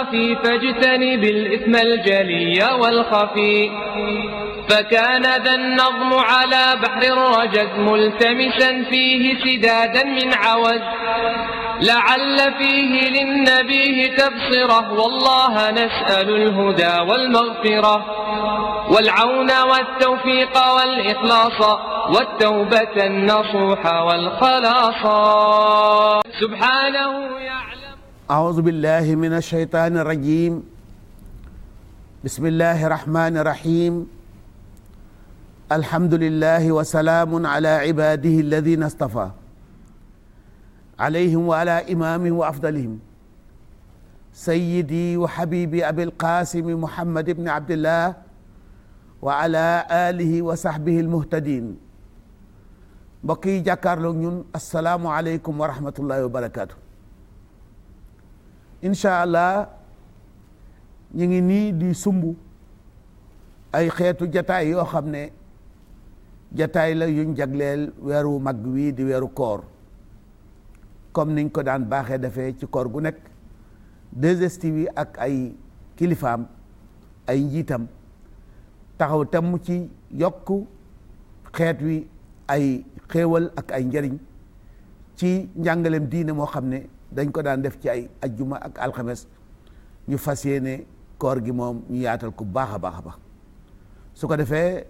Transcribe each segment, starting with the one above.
الخفي فاجتنب الإثم الجلي والخفي فكان ذا النظم على بحر الرجز ملتمسا فيه سدادا من عوز لعل فيه للنبيه تبصره والله نسأل الهدى والمغفرة والعون والتوفيق والإخلاص والتوبة النصوح والخلاص سبحانه يعلم أعوذ بالله من الشيطان الرجيم بسم الله الرحمن الرحيم الحمد لله وسلام على عباده الذين اصطفى عليهم وعلى إمامهم وأفضلهم سيدي وحبيبي أبي القاسم محمد بن عبد الله وعلى آله وصحبه المهتدين بقي جاكارلو نيون السلام عليكم ورحمة الله وبركاته incha allah ñu ngi nii di sumbu ay xeetu jataay yoo xam ne jataay la yuñ jagleel weeru mag wii di weeru koor comme niñ ko daan baaxee defee ci koor gu nekk 2STV ak ay kilifaam ay njiitam taxaw temm ci yokk xeet wi ay xéewal ak ay njariñ ci njàngaleem diine moo xam ne dañ ko daan def ci ay ajjuma ak alxames ñu fas yéene koor gi moom ñu yaatal ko baax a baax baax su ko defee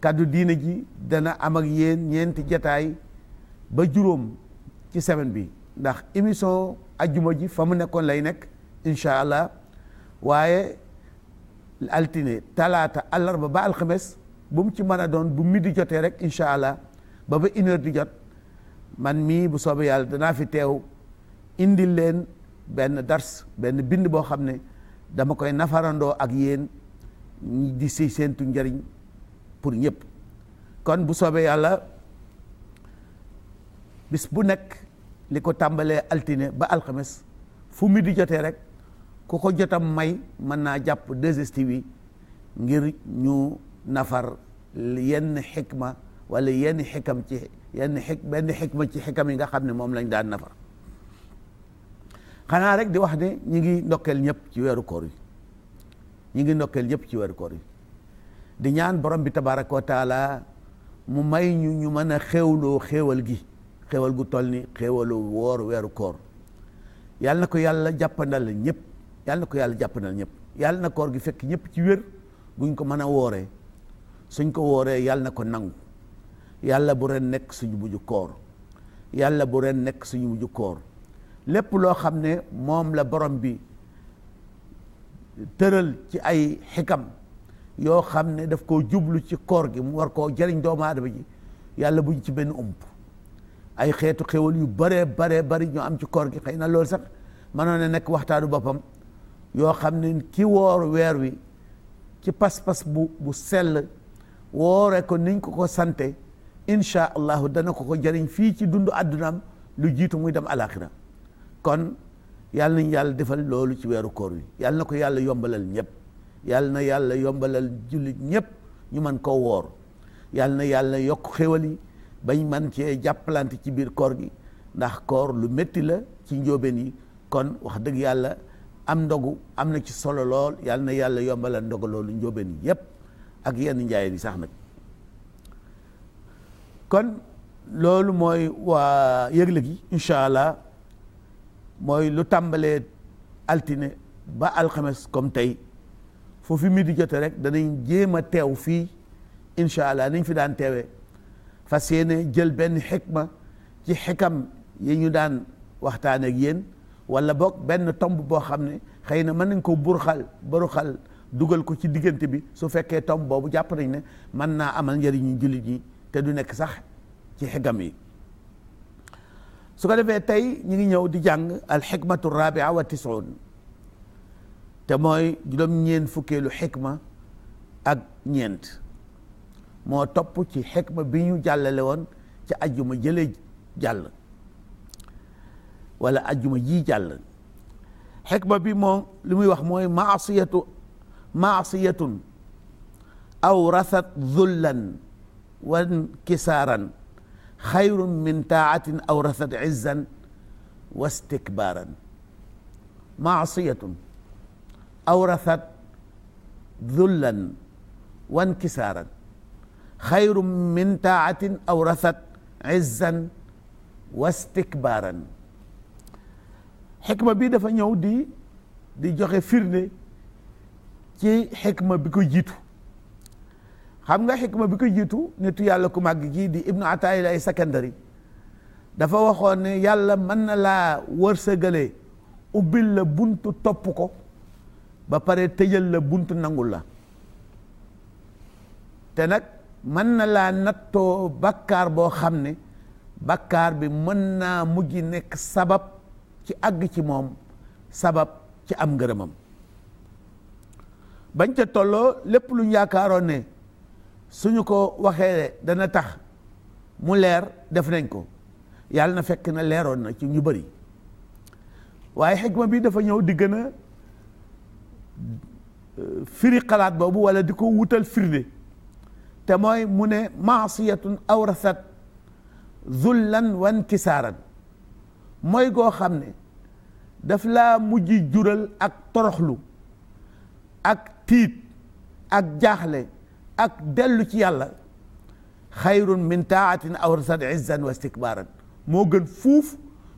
kàddu diine ji dana am ak yéen ñeenti jataay ba juróom ci semaine bi ndax émission ajjuma ji fa mu nekkoon lay nekk incha allah waaye altine talaata àllarba ba alxames bu mu ci mën a doon bu di jotee rek incha allah ba ba une heure di jot man mii bu soobee yàlla danaa fi teew indil leen benn dars benn bind boo xam ne dama koy nafarandoo ak yéen di si seentu njëriñ pour ñëpp kon bu soobee yàlla bis bu nekk li ko tàmbalee altine ba alxames fu mi di jotee rek ku ko jotam may mën naa jàpp 2STV ngir ñu nafar yenn xikma walla yenn xikam ci yenn xik benn xikma ci xikam yi nga xam ne moom lañ daan nafar xanaa rek di wax ne ñi ngi ndokkeel ñëpp ci weeru koor yi ñi ngi ndokkeel ñëpp ci weeru koor yi di ñaan borom bi tabaraka wa taala mu may ñu ñu mën a xéewloo xéewal gi xéewal gu toll ni xéewalu woor weeru koor yàlla ko yàlla jàppandal ñëpp yàlla ko yàlla jàppandal ñëpp yàlla na koor gi fekk ñëpp ci wér buñ ko mën a wooree suñ ko wooree yàlla na ko nangu yàlla bu ren nekk suñu mujj koor yàlla bu ren nekk suñu mujj koor lépp loo xam ne moom la borom bi tëral ci ay xikam yoo xam ne daf koo jublu ci koor gi mu war koo jëriñ doomu aadama ji yàlla buñ ci benn ump ay xeetu xéwal yu baree baree bari ñoo am ci koor gi xëy na loolu sax mënoon na nekk waxtaanu boppam yoo xam ne ki woor weer wi ci pas-pas bu bu sell woore ko niñ ko ko sante incha allahu dana ko ko jariñ fii ci dundu addunaam lu jiitu muy dem alaxira kon yàlla nañu yàlla defal loolu ci weeru koor wi yàlla na ko yàlla yombalal ñëpp yàlla na yàlla yombalal jullit ñëpp ñu mën koo woor yàlla na yàlla yokk xéwal bañ man cee jàppalante ci biir koor gi ndax koor lu metti la ci njóobeen yi kon wax dëgg yàlla am ndogu am na ci solo lool yàlla na yàlla yombalal ndogu loolu njóobeen yi yépp ak yenn njaayeen yi sax nag kon loolu mooy waa yëgle gi incha allah mooy lu tàmbalee altine ba alxames kom tey foo fi di jote rek danañ jéem a teew fii incha allah niñ fi daan teewe fas yéene jël benn xikma ci xikam yi ñu daan waxtaan ak yéen walla boog benn tomb boo xam ne xëy na mën nañ ko burxal buruxal dugal ko ci diggante bi su fekkee tomb boobu jàpp nañ ne mën naa amal njëriñu jullit yi te du nekk sax ci xikam yi su ko defee tey ñu ngi ñëw di jàng alxikmatu rabia wa tisuun te mooy juróom ñeent fukkeelu xikma ak ñeent moo topp ci xikma bi ñu jàllale woon ci ajjuma jële jàll wala ajjuma ji jàll xikma bi moo li muy wax mooy maasiyatu aw awrasat zullan wan kisaaran xayrun min taatin awrasat izzan wa stikbaaran maasiyatun awrasat dullan wa inkisaaran xayrun min taatin awrasat izzan wa stikbaaran xikma bii dafa ñëw di di joxe firnde ci xikma bi ko jiitu xam nga ma bi ko jiitu nitu yàlla ku màgg kii di ibnu ataayil ay sakandari dafa waxoon ne yàlla mën na laa wërsëgale ubbil la buntu topp ko ba pare tëjal la buntu nangul la te nag mën na laa nattoo bakkaar boo xam ne bakkaar bi mën naa mujj nekk sabab ci àgg ci moom sabab ci am ngërëmam bañ ca tolloo lépp lu yaakaaroon ne suñu ko waxee dana tax mu leer def nañ ko yàlla na fekk na leeroon na ci ñu bari waaye xikma bi dafa ñëw di gën a euh, firi xalaat boobu walla di ko wutal firnde te mooy mu ne maasiyatun awrasat lan wan inkisaaran mooy goo xam ne daf laa mujj jural ak toroxlu ak tiit ak jaaxle ak dellu ci yàlla xayrun min taatin aw rasad izzan wa istikbaaran moo gën fuuf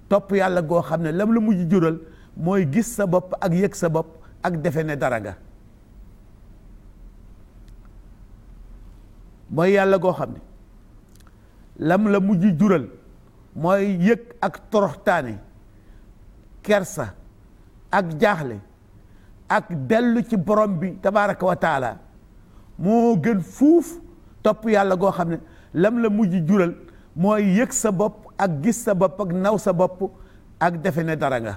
topp yàlla goo xam ne lam la mujj jural mooy gis sa bopp ak yëg sa bopp ak defe ne dara nga mooy yàlla goo xam ne lam la mujj jural mooy yëg ak toroxtaane kersa ak jaaxle ak dellu ci borom bi tabaaraka wa taala moo gën fuuf topp yàlla goo xam ne lam la mujj jural mooy yëg sa bopp ak gis sa bopp ak naw sa bopp ak defe ne dara nga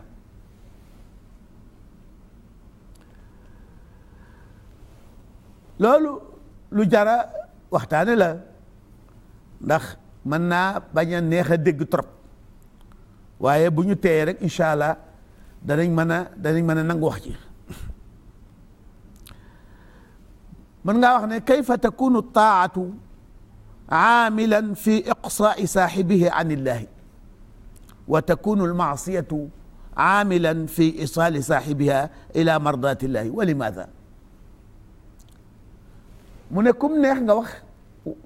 loolu lu jara waxtaane la ndax mën naa bañ a neex a dégg trop waaye bu ñu teeyee rek incha allah danañ mën a danañ mën a nangu ci mën ngaa wax ne kayfa takunu taatu aamilan fi iqsaai saaxibihi an illahi wa takunu almaasiyatu aamilan fi isaali saaxibiha ila mardaati illahi wa limaada mu ne kum neex nga wax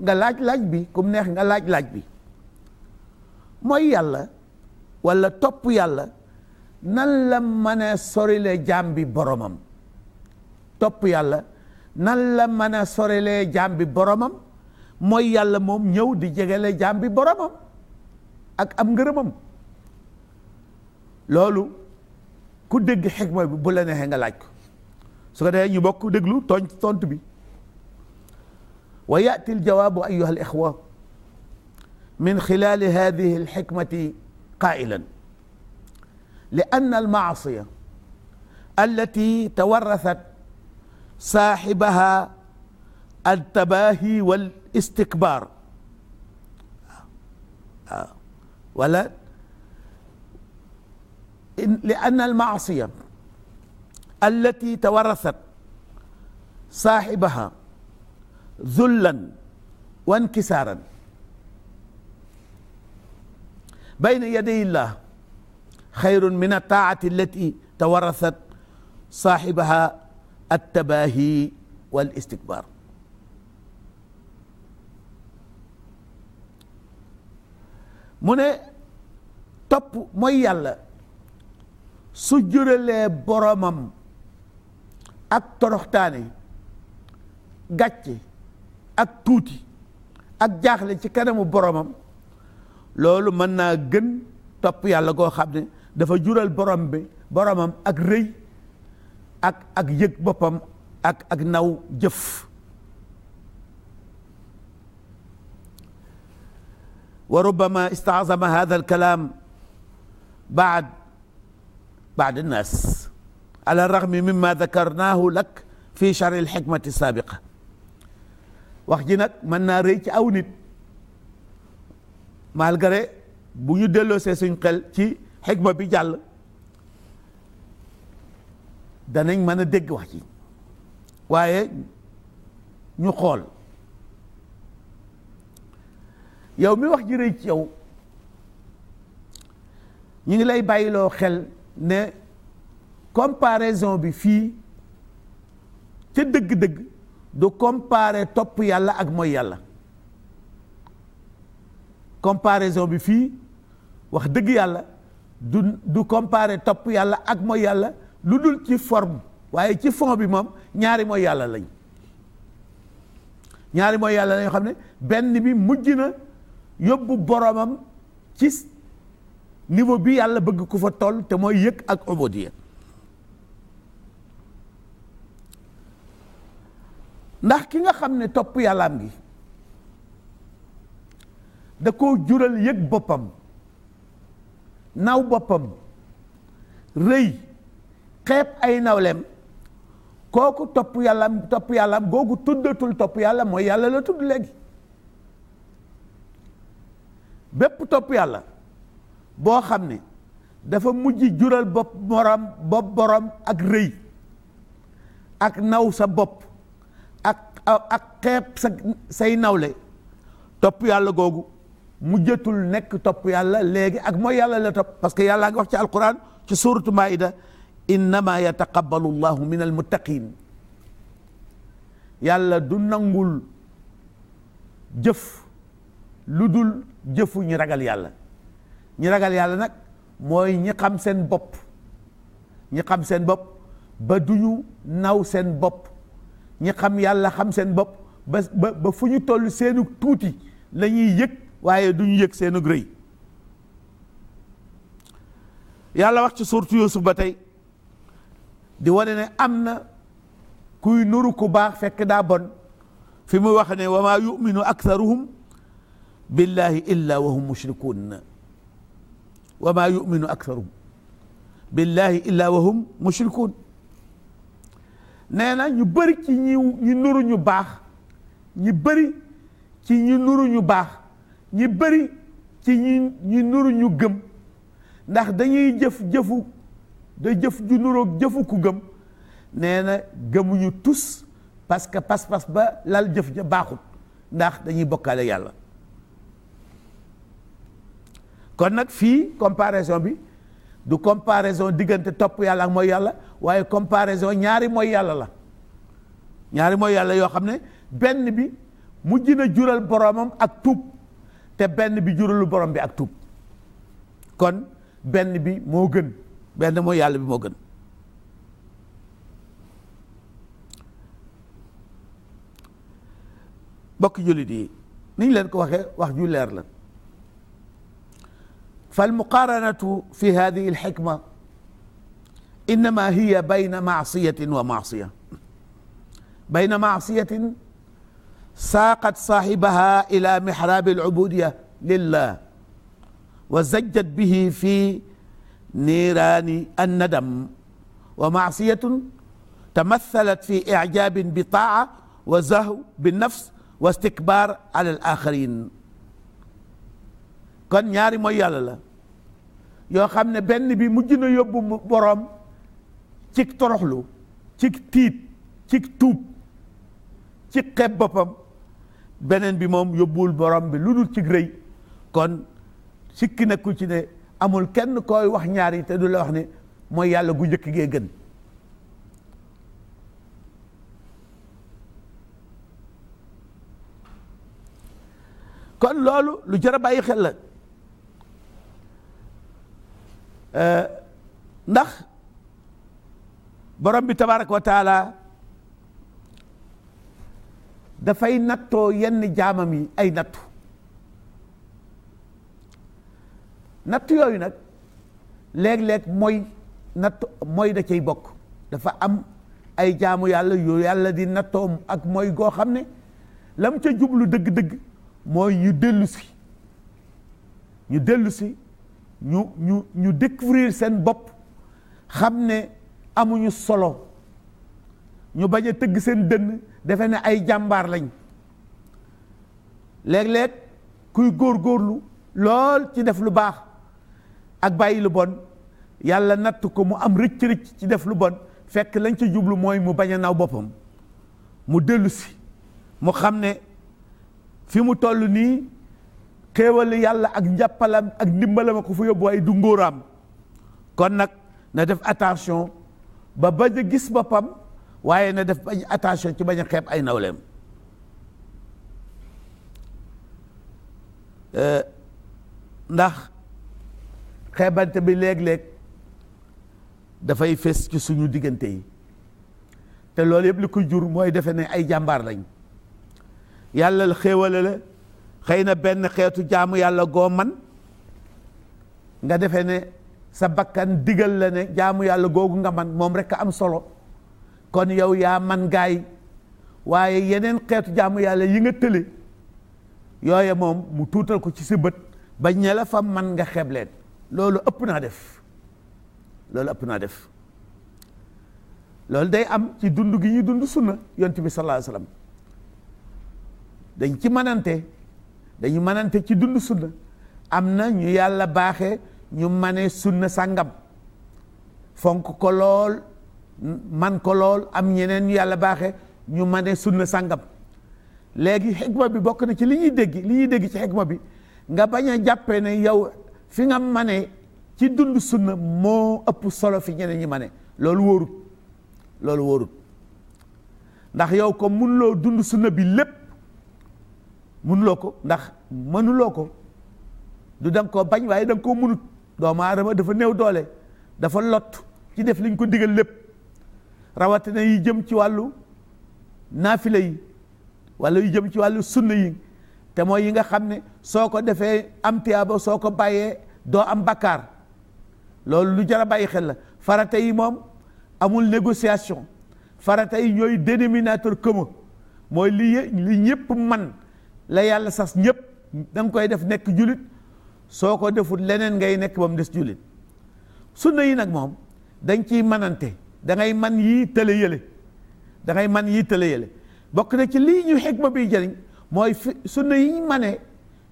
nga laaj laaj bi kum neex nga laaj laaj bi mooy yàlla wala topp yàlla nan la mën a sorile jaam bi boromam topp yàlla nan la mën a sorelee jaam boromam mooy yàlla moom ñëw di jegele jaam bi boromam ak am ngërëmam loolu ku dégg xikma bi bu la neexee nga laaj ko su ko defee ñu bokk déglu tont bi wa yaati aljawaabu ayuha al ixwa min xilaali hadihi alxikmati qaa'ilan li anna almaasiya allati saaxibaha altabaahi wal istikbaar waaw wala li ann almaasiya allati tawarasat saaxibaha zullan wa inkisaaran bayna yaday illah xayrun min attaacati allati tawarasat saaxibaha التباهي والاستكبار mu ne topp mooy yàlla su juralee boromam ak toroxtaane gàcce ak tuuti ak jaaxle ci kanamu boromam loolu mën naa gën topp yàlla koo xam ne dafa jural borom bi boromam ak rëy ak ak yëg boppam ak ak naw jëf wa rubbama istaazama hada alkalaam baad baad annaas ala raxmi mimma dakarnaahu lak fi chari alxikmati saabiqa wax ji nag mën naa rëy ci aw nit malgré bu ñu delloosee suñ xel ci xikma bi jàll danañ mën a dégg wax ci waaye ñu xool yow mi wax ji rëy ci yow ñu ngi lay bàyyiloo xel ne comparaison bi fii ca dëgg du comparer topp yàlla ak mooy yàlla comparaison bi fii wax dëgg yàlla du compare topp yàlla ak mooy yàlla lu dul ci forme waaye ci fond bi moom ñaari mooy yàlla lañ ñaari mooy yàlla lañ xam ne benn bi mujj na yóbbu boromam ci niveau bi yàlla bëgg ku fa toll te mooy yëg ak ubudiya ndax ki nga xam ne topp yàllaam gi da koo jural yëg boppam naw boppam rëy xeeb ay nawleem kooku topp yàlla topp yàlla googu tuddatul topp yàlla mooy yàlla la tudd léegi bépp topp yàlla boo xam ne dafa mujj jural bopp morom bopp borom ak rëy ak naw sa bopp ak ak xeeb sa say nawle topp yàlla googu mujjatul nekk topp yàlla léegi ak mooy yàlla la topp parce que yàlla ngi wax ci alquran ci suuratu maida innama yataqabbalu llahu min almuttaqin yàlla du nangul jëf lu dul jëfu ñi ragal yàlla ñi ragal yàlla nag mooy ñi xam seen bopp ñi xam seen bopp ba du ñu naw seen bopp ñi xam yàlla xam seen bopp ba ba fu ñu toll seenu tuuti la ñuy yëg waaye du ñu yëg seenu rëy yàlla wax ci suurtu Yuusuf ba tey di wane na am na kuy nuru ku baax fekk daa bon fi mu wax ne wa maa yuminu aktharuhum billahi illa wa hum mushrikun wa nee na ñu bëri ci ñi nuru ñu baax ñi bëri ci ñi nuru ñu baax ñi bari ci ñi ñi nuru ñu gëm ndax dañuy jëf jëfu da jëf ju nuroog jëfu ku gëm nee na gëmuñu tus parce que pas-pas ba lal jëf ja baaxut ndax dañuy bokkaale yàlla kon nag fii comparaison bi du comparaison diggante topp yàlla ak mooy yàlla waaye comparaison ñaari mooy yàlla la ñaari mooy yàlla yoo xam ne benn bi mu na jural boromam ak tuub te benn bi juralu borom bi ak tuub kon benn bi moo gën benn mooy yàlla bi moo gën bokki jullit yi niñ leen ko waxee wax ju leer la fal muqaaranatu fi hadihi alxikma innama hiya bayna maasiyatin wa maasiya bayna maasiyatin saaqat saaxibaha ila mixraabi alcubudiya lillah wa zajjat bihi fi نيران الندم ومعصية تمثلت في إعجاب bi وزهو بالنفس واستكبار على الآخرين kon ñaari mooy yàlla la yoo xam ne benn bi mu na yóbbu boroom cig toroxlu cig tiit cig tuub ci xeeb boppam beneen bi moom yóbbuwul borom bi lu dul cig rëy kon sikki nekkul ci amul kenn koy wax ñaar yi te du wax ne mooy yàlla gu njëkk gee gën kon loolu lu jar a bàyyi xel la euh, ndax borom bi tabaraka wa taala dafay nattoo yenn jaamam yi ay nattu natt yooyu nag léeg-léeg mooy natt mooy da cay bokk dafa am ay jaamu yàlla yu yàlla di nattoom ak mooy goo xam ne lam ca jublu dëgg-dëgg mooy ñu dellu ñu dellu ñu ñu ñu découvrir seen bopp xam ne amuñu solo ñu bañ a tëgg seen dënn defe ne ay jàmbaar lañ léeg-léeg kuy góorgóorlu lool ci def lu baax ak bàyyi lu bon yàlla natt ko mu am rëcc rëcc ci def lu bon fekk lañ ci jublu mooy mu bañ a naw boppam mu dellusi mu xam ne fi mu toll nii xéewal yàlla ak njàppalam ak ndimbalam ko fa yóbbu waaye du ngóoraam kon nag na def attention ba bañ a gis boppam waaye na def bañ attention ci bañ a xeeb ay nawleem euh, ndax xeebante bi léeg-léeg dafay fes ci suñu diggante yi te loolu yëpp li ko jur mooy defe ne ay jàmbaar lañ yàlla xéewale la xëy na benn xeetu jaamu yàlla goo man nga defe ne sa bakkan digal la ne jaamu yàlla googu nga man moom rek a am solo kon yow yaa man gaay waaye yeneen xeetu jaamu yàlla yi nga tële yooye moom mu tuutal ko ci si bët ba ñela fa man nga xeeb leen loolu ëpp naa def loolu ëpp naa def loolu day am ci dund gi ñuy dund sunna yonent bi sallallahu alayhi dañ ci manante dañu manante ci dund sunna am na ñu yàlla baaxe ñu mane sunna sàngam fonk ko lool man ko lool am ñeneen ñu yàlla baaxe ñu mane sunna sàngam léegi xikma bi bokk na ci li ñuy dégg li ñuy dégg ci xikma bi nga bañ a jàppee ne yow fi nga mane ci dund sunna moo ëpp solo fi ñeneen ñi mane loolu wóorut loolu wóorut ndax yow ko mënuloo dund sunna bi lépp mënuloo ko ndax mënuloo ko du da nga koo bañ waaye da nga koo mënut doomu aadama dafa néew doole dafa lot ci def liñ ko digal lépp rawatina yi jëm ci wàllu naafila yi wala yu jëm ci wàllu sunna yi te mooy yi nga xam ne soo ko defee am tiyaaba soo ko bàyyee doo am bakkaar loolu lu jar a bàyyi xel la farata yi moom amul négociation farata yi ñooy dénominateur commun mooy li li ñëpp man la yàlla sas ñëpp da koy def nekk jullit soo ko deful leneen ngay nekk ba mu des jullit na yi nag moom dañ ciy manante dangay man yii tële yële dangay man yii tële yële bokk na ci lii ñu xikma bi jëriñ mooy fi sunna yi ñu mane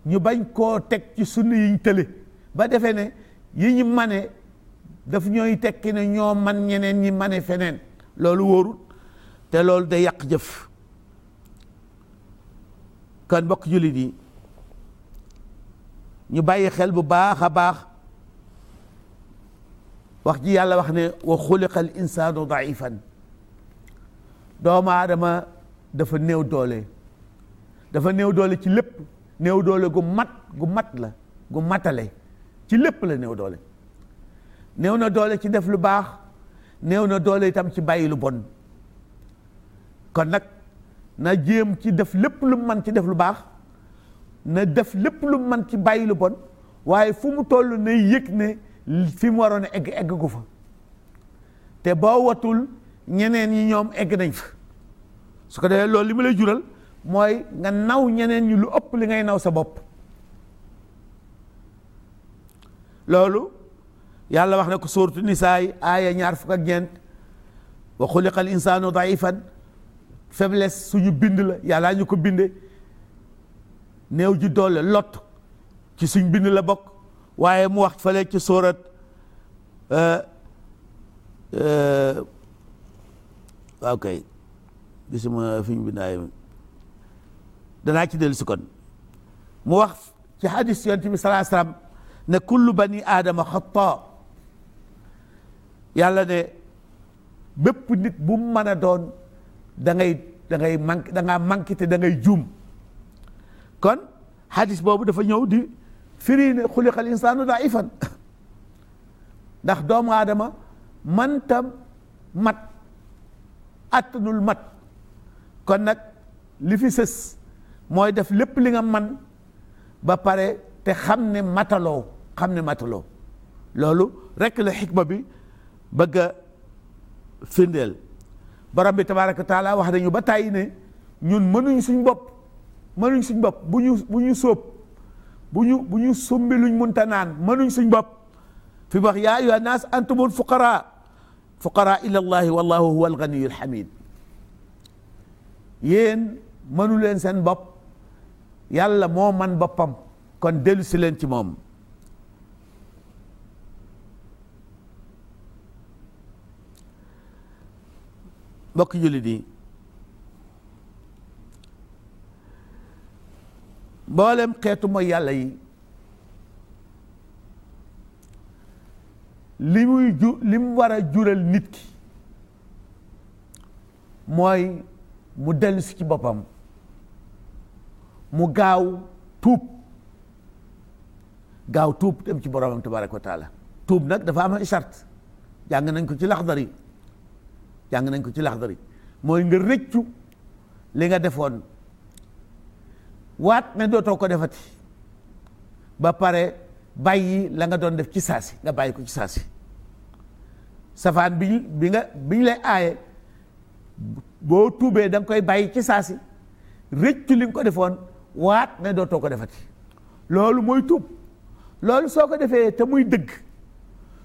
ñu bañ koo teg ci sunna yi tële ba defe ne yi ñu mane daf ñooy tekki ne ñoo man ñeneen ñi mane feneen loolu wóorul te loolu day yàq jëf kan mbokk jullit yi ñu bàyyi xel bu baax a baax wax ji yàlla wax ne wa xuliqa xel insaanu daifan doomu aadama dafa néew doole dafa néew doole ci lépp néew doole gu mat gu mat la gu matale ci lépp la néew doole néew na doole ci def lu baax néew na doole itam ci bàyyi lu bon kon nag na jéem ci def lépp lu man ci def lu baax na def lépp lu man ci bàyyi lu bon waaye fu mu toll na yëg ne fi mu waroon a egg egg gu fa te boo watul ñeneen yi ñoom egg nañ fa su ko defee loolu li mu lay jural mooy nga naw ñeneen ñi lu ëpp li ngay naw sa bopp loolu yàlla wax na ko suuratu nisaa yi aaya ñaar fukk ak ñeent wa xuliqa al insaanu daifan suñu bind la yàllaa ñu ko binde néew ji doole lot ci suñ bind la bokk waaye mu wax fale ci suurat ok euh, euh, gisuma fi bind aaya danaa ci dellu kon mu wax ci xadis yonent bi salaa salaam ne kullu bani aadama xata yàlla ne bépp nit bu mu mën doon dangay dangay da ngay manqué da da ngay juum kon xadis boobu dafa ñëw di firi ne xuliqal insaanu daifan ndax doomu aadama mënta mat attanul mat kon nag li fi sës mooy def lépp li nga man ba pare te xam ne mataloo xam ne mataloo loolu rekk la xikma bi bëgg a firndeel borom bi tabaaraka taala wax nañu ba tàyyi ne ñun mënuñ suñ bopp mënuñ suñ bopp bu ñu bu ñu bu ñu bu ñu sumbi luñ munta naan mënuñ suñ bopp fi mu wax yaa ayyuha naas antumul fuqaraa fuqaraa ila llahi wallahu huwa alganiyul hamid yéen mënu leen seen bopp yàlla moo man boppam kon dellusi leen ci moom mbokk jullit yi mboolem xeetu mooy yàlla yi ju li mu war a jural nit ki mooy mu dellusi si ci boppam mu gaaw tuub gaaw tuub dem ci boroomam tabaraka wa taala tuub nag dafa am ay sart jàng nañ ko ci laxdari jàng nañ ko ci laxdari mooy nga rëccu li nga defoon waat ne dootoo ko defati ba pare bàyyi la nga doon def ci saasi nga bàyyi ko ci saasi safaan bi bi nga bi ñu lay aaye boo tuubee danga koy bàyyi ci saasi rëccu li nga ko defoon waat ne dootoo ko defati loolu mooy tub loolu soo ko defee te muy dëgg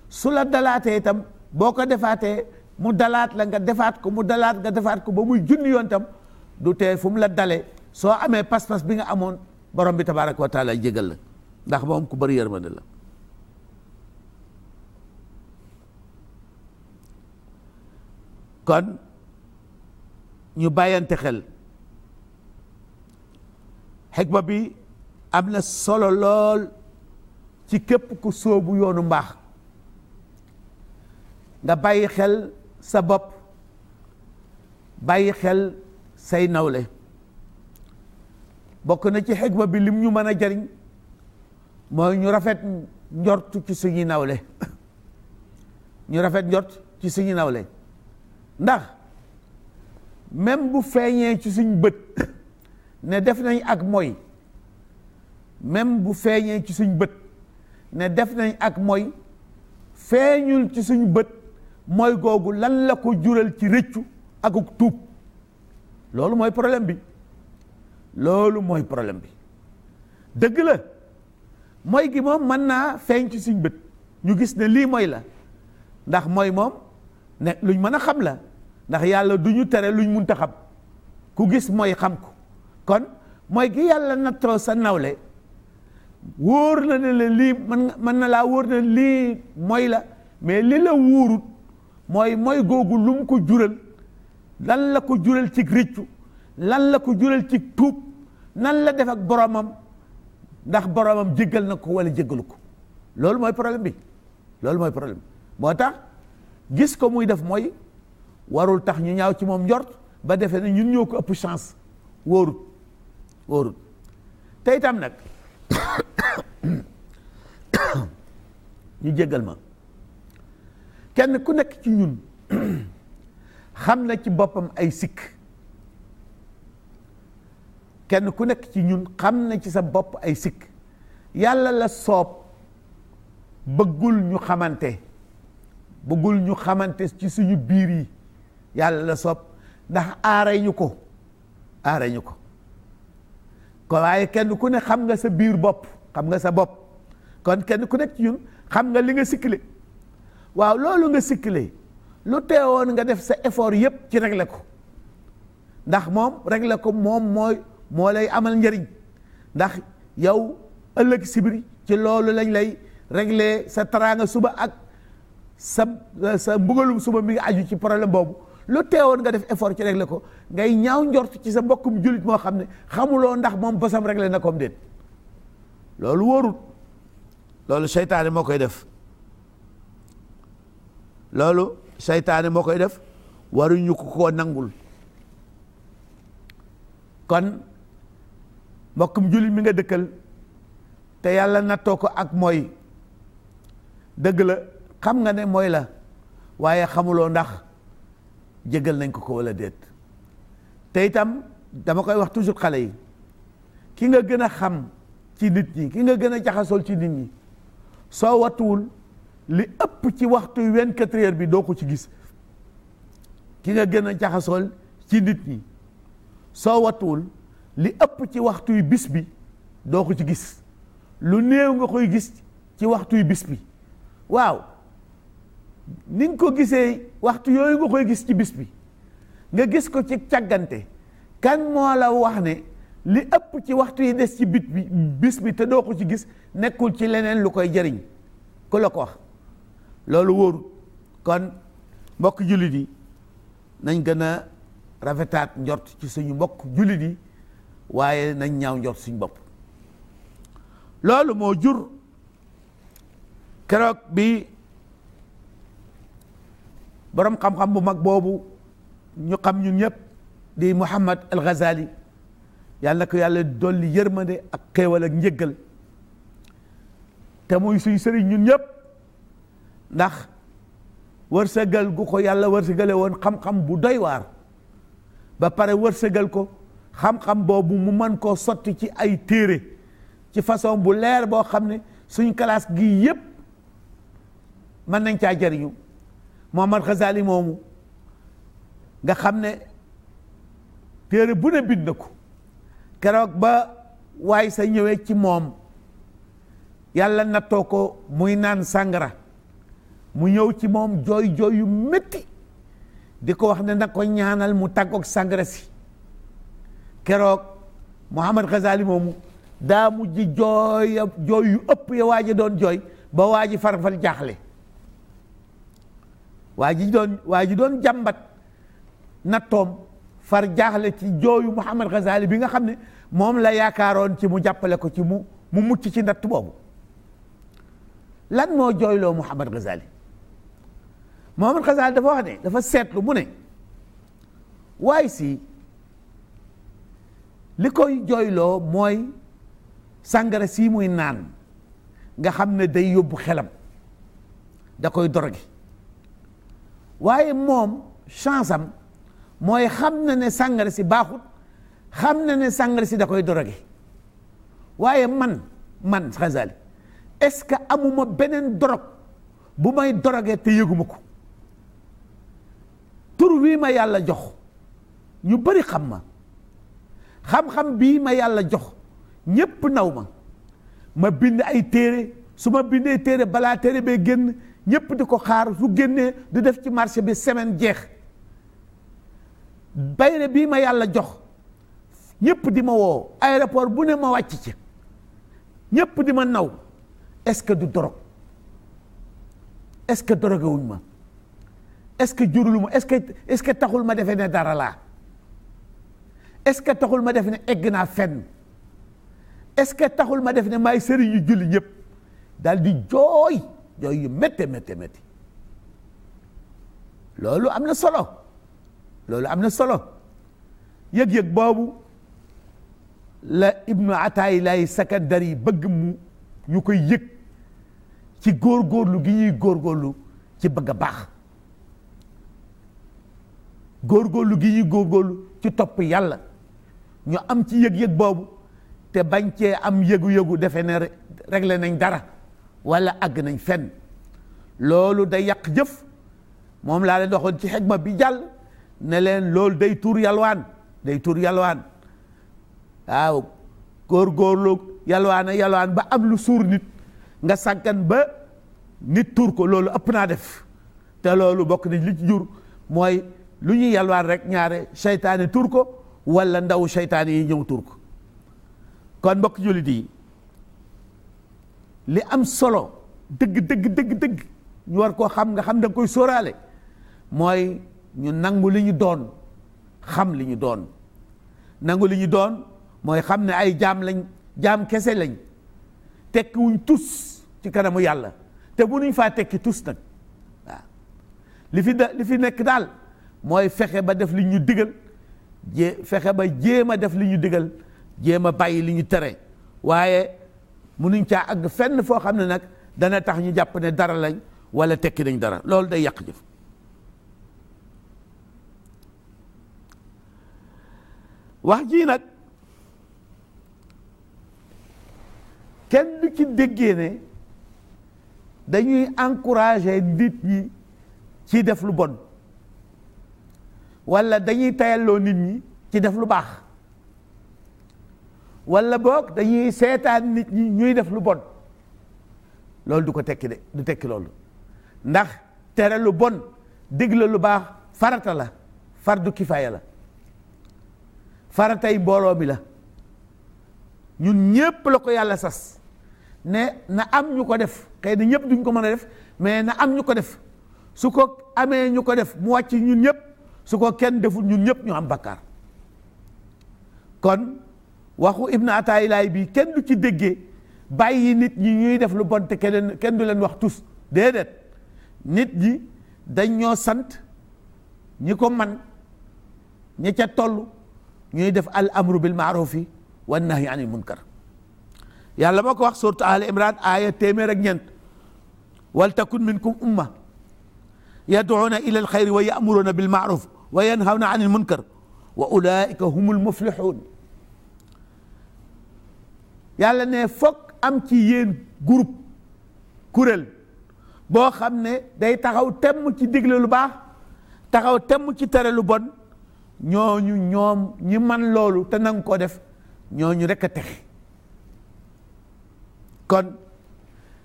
su la dalaatee itam boo ko defaatee mu dalaat la nga defaat ko mu dalaat nga defaat ko ba muy junni yoon itam du tee fu mu la dale soo amee pas-pas bi nga amoon borom bi tabaaraka wa taala jégal la ndax moom ku bëri yërmande la kon ñu bàyyante xel xikma bi am na solo lool ci képp ku sóobu yoonu mbaax nga bàyyi xel sa bopp bàyyi xel say nawle bokk na ci xikma bi lim ñu mën a jariñ mooy ñu rafet njort ci suñuy nawle ñu rafet njort ci suñuy nawle ndax même bu feeñee ci suñ bët ne def nañ ak mooy même bu feeñee ci suñ bët ne def nañ ak mooy feeñul ci suñ bët mooy googu lan la ko jural ci rëccu akuk tuub loolu mooy problème bi loolu mooy problème bi dëgg la mooy gi moom mën naa feeñ ci suñ bët ñu gis ne lii mooy la ndax mooy moom ne luñ mën a xam la ndax yàlla du ñu tere luñ munta xam ku gis mooy xam ko kon mooy ki yàlla nattoo sa nawle wóor na ne la lii mën nga mën na laa wóor na lii mooy la mais li la wóorut mooy mooy googu lum mu ko jural lan la ko jural ci rëccu lan la ko jural ci tuub nan la def ak boromam ndax boromam jéggal na ko wala jéggalu ko loolu mooy problème bi loolu mooy problème moo tax gis ko muy def mooy warul tax ñu ñaaw ci moom njort ba defee na ñun ñoo ko ëpp chance wóorut wóorut te nag ñu jéggal ma kenn ku nekk ci ñun xam na ci boppam ay sikk kenn ku nekk ci ñun xam na ci sa bopp ay sikk yàlla la soob bëggul ñu xamante bëggul ñu xamante ci suñu biir yi yàlla la soob ndax aare ñu ko aare ñu ko ko waaye kenn ku ne xam nga sa biir bopp xam nga sa bopp kon kenn ku nekk ci ñun xam nga li nga sikkile waaw loolu nga sikkile lu teewoon nga def sa effort yëpp ci régler ko ndax moom régler ko moom mooy moo lay amal njëriñ ndax yow ëllëg sibiri ci loolu lañ lay régler sa taraanga suba ak sa sa mbugalum suba mi ngi aju ci problème boobu lu teewoon nga def effort ci réglé ko ngay ñaaw njort ci sa mbokkum jullit moo xam ne xamuloo ndax moom bosam réglé na comme déet loolu wóorut loolu seytaane moo koy def loolu seytaane moo koy def waruñu ko kon mbokkum jullit mi nga dëkkal te yàlla nattoo ko ak mooy dëgg la xam nga ne mooy la waaye xamuloo ndax jégal nañ ko ko wala déet te itam dama koy wax toujours xale yi ki nga gën a xam ci nit ñi ki nga gën a jaxasool ci nit ñi soo wattuwul li ëpp ci waxtu vingt-quatre heures bi doo ko ci gis ki nga gën a jaxasool ci nit ñi soo wattuwul li ëpp ci waxtuy bis bi doo ko ci gis lu néew nga koy gis ci waxtuy bis bi waaw ni ko gisee waxtu yooyu nga koy gis ci bis bi nga gis ko ci càggante kan moo la wax ne li ëpp ci waxtu yi des ci bit bi bis bi te doo ko ci gis nekkul ci leneen lu koy jariñ ku la ko wax loolu wóorul kon mbokk jullit yi nañ gën a rafetaat njort ci suñu mbokk jullit yi waaye nañ ñaaw njort suñu bopp loolu moo jur keroog bi borom xam-xam bu mag boobu ñu xam ñun ñëpp di Muhammad al Ghazali yàlla na ko yàlla dolli yërmande ak xéewal ak njëggal te muy suñ sëriñ ñun ñëpp ndax wërsëgal gu ko yàlla wërsëgale woon xam bu doy waar ba pare wërsëgal ko xam-xam boobu mu mën koo sotti ci ay téere ci façon bu leer boo xam ne suñ classe gi yëpp mën nañ caa jariñu Muhammad Xasaali moomu nga xam ne téere bu ne bind na ko keroog ba waay sa ñëwee ci moom yàlla nattoo ko muy naan sàngara mu ñëw ci moom jooy jooy yu metti di ko wax ne na ko ñaanal mu tàggoog sàngara si keroog Muhammad Xasaali moomu daa mujj jooy jooy yu ëpp ya waaj a doon jooy ba waaj a farfal jaaxle waa ji doon waa ji doon jàmbat nattoom far jaaxle ci jooyu Muhammad Ghazali bi nga xam ne moom la yaakaaroon ci mu jàppale ko ci mu mu mucc ci natt boobu lan moo jooyloo Muhammad Ghazali Muhammad Ghazali dafa wax ne dafa seetlu mu ne waaye si li koy jooyloo mooy sàngara sii muy naan nga xam ne day yóbbu xelam da koy dorogi waaye moom chance am mooy xam na ne sàngara si baaxut xam na ne sàngara si da koy doroge waaye man man Ghazali est-ce que amuma beneen dorog bu may doroge te yëguma ko tur wii ma yàlla jox ñu bari xam ma xam-xam bii ma yàlla jox ñépp naw ma ma bind ay téere su ma bindee téere balaa téere bee génn ñëpp di ko xaar su génnee di def ci marché bi semaine jeex bayre bii ma yàlla jox ñëpp di ma woo aéroport bu ne ma wàcc ci ñëpp di ma naw est-ce que du dorog est-ce que dorogewuñ ma est-ce que jurulu ma est-ce que est-ce que taxul ma defe ne dara laa est-ce que taxul ma defe ne egg naa fenn est-ce que taxul ma def ne maay sëriñ yu julli ñëpp daal di jooy jooy yu métte métte loolu am na solo loolu am na solo yëg-yëg boobu la ibnu ataay lay sakandari bëgg mu ñu koy yëg ci góorgóorlu gi ñuy góorgóorlu ci bëgg a baax góorgóorlu gi ñuy góorgóorlu ci topp yàlla ñu am ci yëg-yëg boobu te bañ cee am yëgu-yëgu defe ne réglé nañ dara wala àgg nañ fenn loolu day yàq jëf moom laa leen waxoon ci ma bi jàll ne leen loolu day tuur yalwaan day tuur yalwaan waaw góorgóorlu yalwaana yalwaan ba am lu suur nit nga sàggan ba nit tuur ko loolu ëpp naa def te loolu bokk nañ li ci jur mooy lu ñuy yalwaan rek ñaare seytaane tuur ko walla ndaw seytaane yi ñëw tuur ko kon mbokk jullit yi li am solo dëgg dëgg dëgg dëgg ñu war koo xam nga xam da nga koy sóoraale mooy ñu nangu li ñu doon xam li ñu doon nangu li ñu doon mooy xam ne ay jaam lañ jaam kese lañ tekkiwuñ tus ci kanamu yàlla te bu nuñ faa tekki tus nag waaw li fi da li fi nekk daal mooy fexe ba def li ñu digal jé fexe ba jéem a def li ñu digal jéem a bàyyi li ñu tere waaye munuñ caa àgg fenn foo xam ne nag dana tax ñu jàpp ne dara lañ wala tekki nañ dara loolu day yàq jëf wax jii nag kenn du ki déggee ne dañuy encourager nit ñi ci def lu bon wala dañuy tayalloo nit ñi ci def lu baax walla boog dañuy seetaan nit ñi ñuy def lu bon loolu du ko tekki de du tekki loolu ndax tere lu bon digle lu baax farata la far fardu kifaaya la faratay mbooloo mi la ñun ñëpp la ko yàlla sas ne na am ñu ko def xëy na ñëpp duñ ko mën a def mais na am ñu ko def su ko amee ñu ko def mu wàcc ñun ñëpp su ko kenn deful ñun ñëpp ñu am bakkaar kon waxu ibnu ataayilaay bii kenn du ci déggee bàyyi nit ñi ñuy def lu bon keneen kenn du leen wax tus déedéet nit ñi dañ ñoo sant ñi ko man ñi ca toll ñuy def al amru bil maarufi wan nahyi anil munkar yàlla moo ko wax surtu al imran aaya téeméer ak ñeent wal takun minkum umma yaduuna ila alxayri wa yamuruna bil maaruf wa yanhawna anil munkar wa ulaika humul muflixuun yàlla ne fokk am ci yéen groupe kuréel boo xam ne day taxaw temm ci digle lu baax taxaw temm ci tere lu bon ñooñu ñoom ñi man loolu te nangu ko def ñooñu rekk a texe kon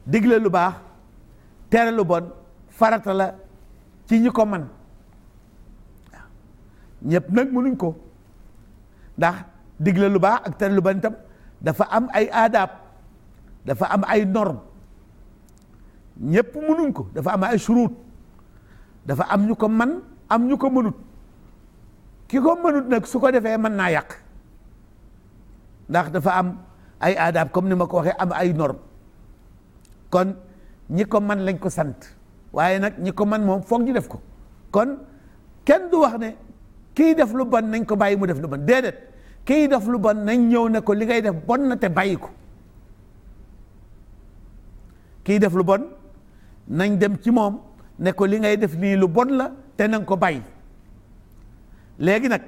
digle lu baax tere lu bon farata la ci ñi ko man ñëpp nag mënuñ ko ndax digle lu baax ak tere lu bon itam dafa am ay aadaab dafa am ay norme ñépp mënuñ ko dafa am ay suruut dafa am ñu ko man am ñu ko mënut ki ko mënut nag su ko defee mën naa yàq ndax dafa am ay aadaab comme ni ma ko waxee am ay norme kon ñi ko man lañ ko sant waaye nag ñi ko man moom foog ñu def ko kon kenn du wax ne kii def lu bon nañ ko bàyyi mu def lu ban déedéet kiy def lu bon nañ ñëw ne ko li ngay def bon na te bàyyi ko kiy def lu bon nañ dem ci moom ne ko li ngay def nii lu bon la te na nga ko bàyyi léegi nag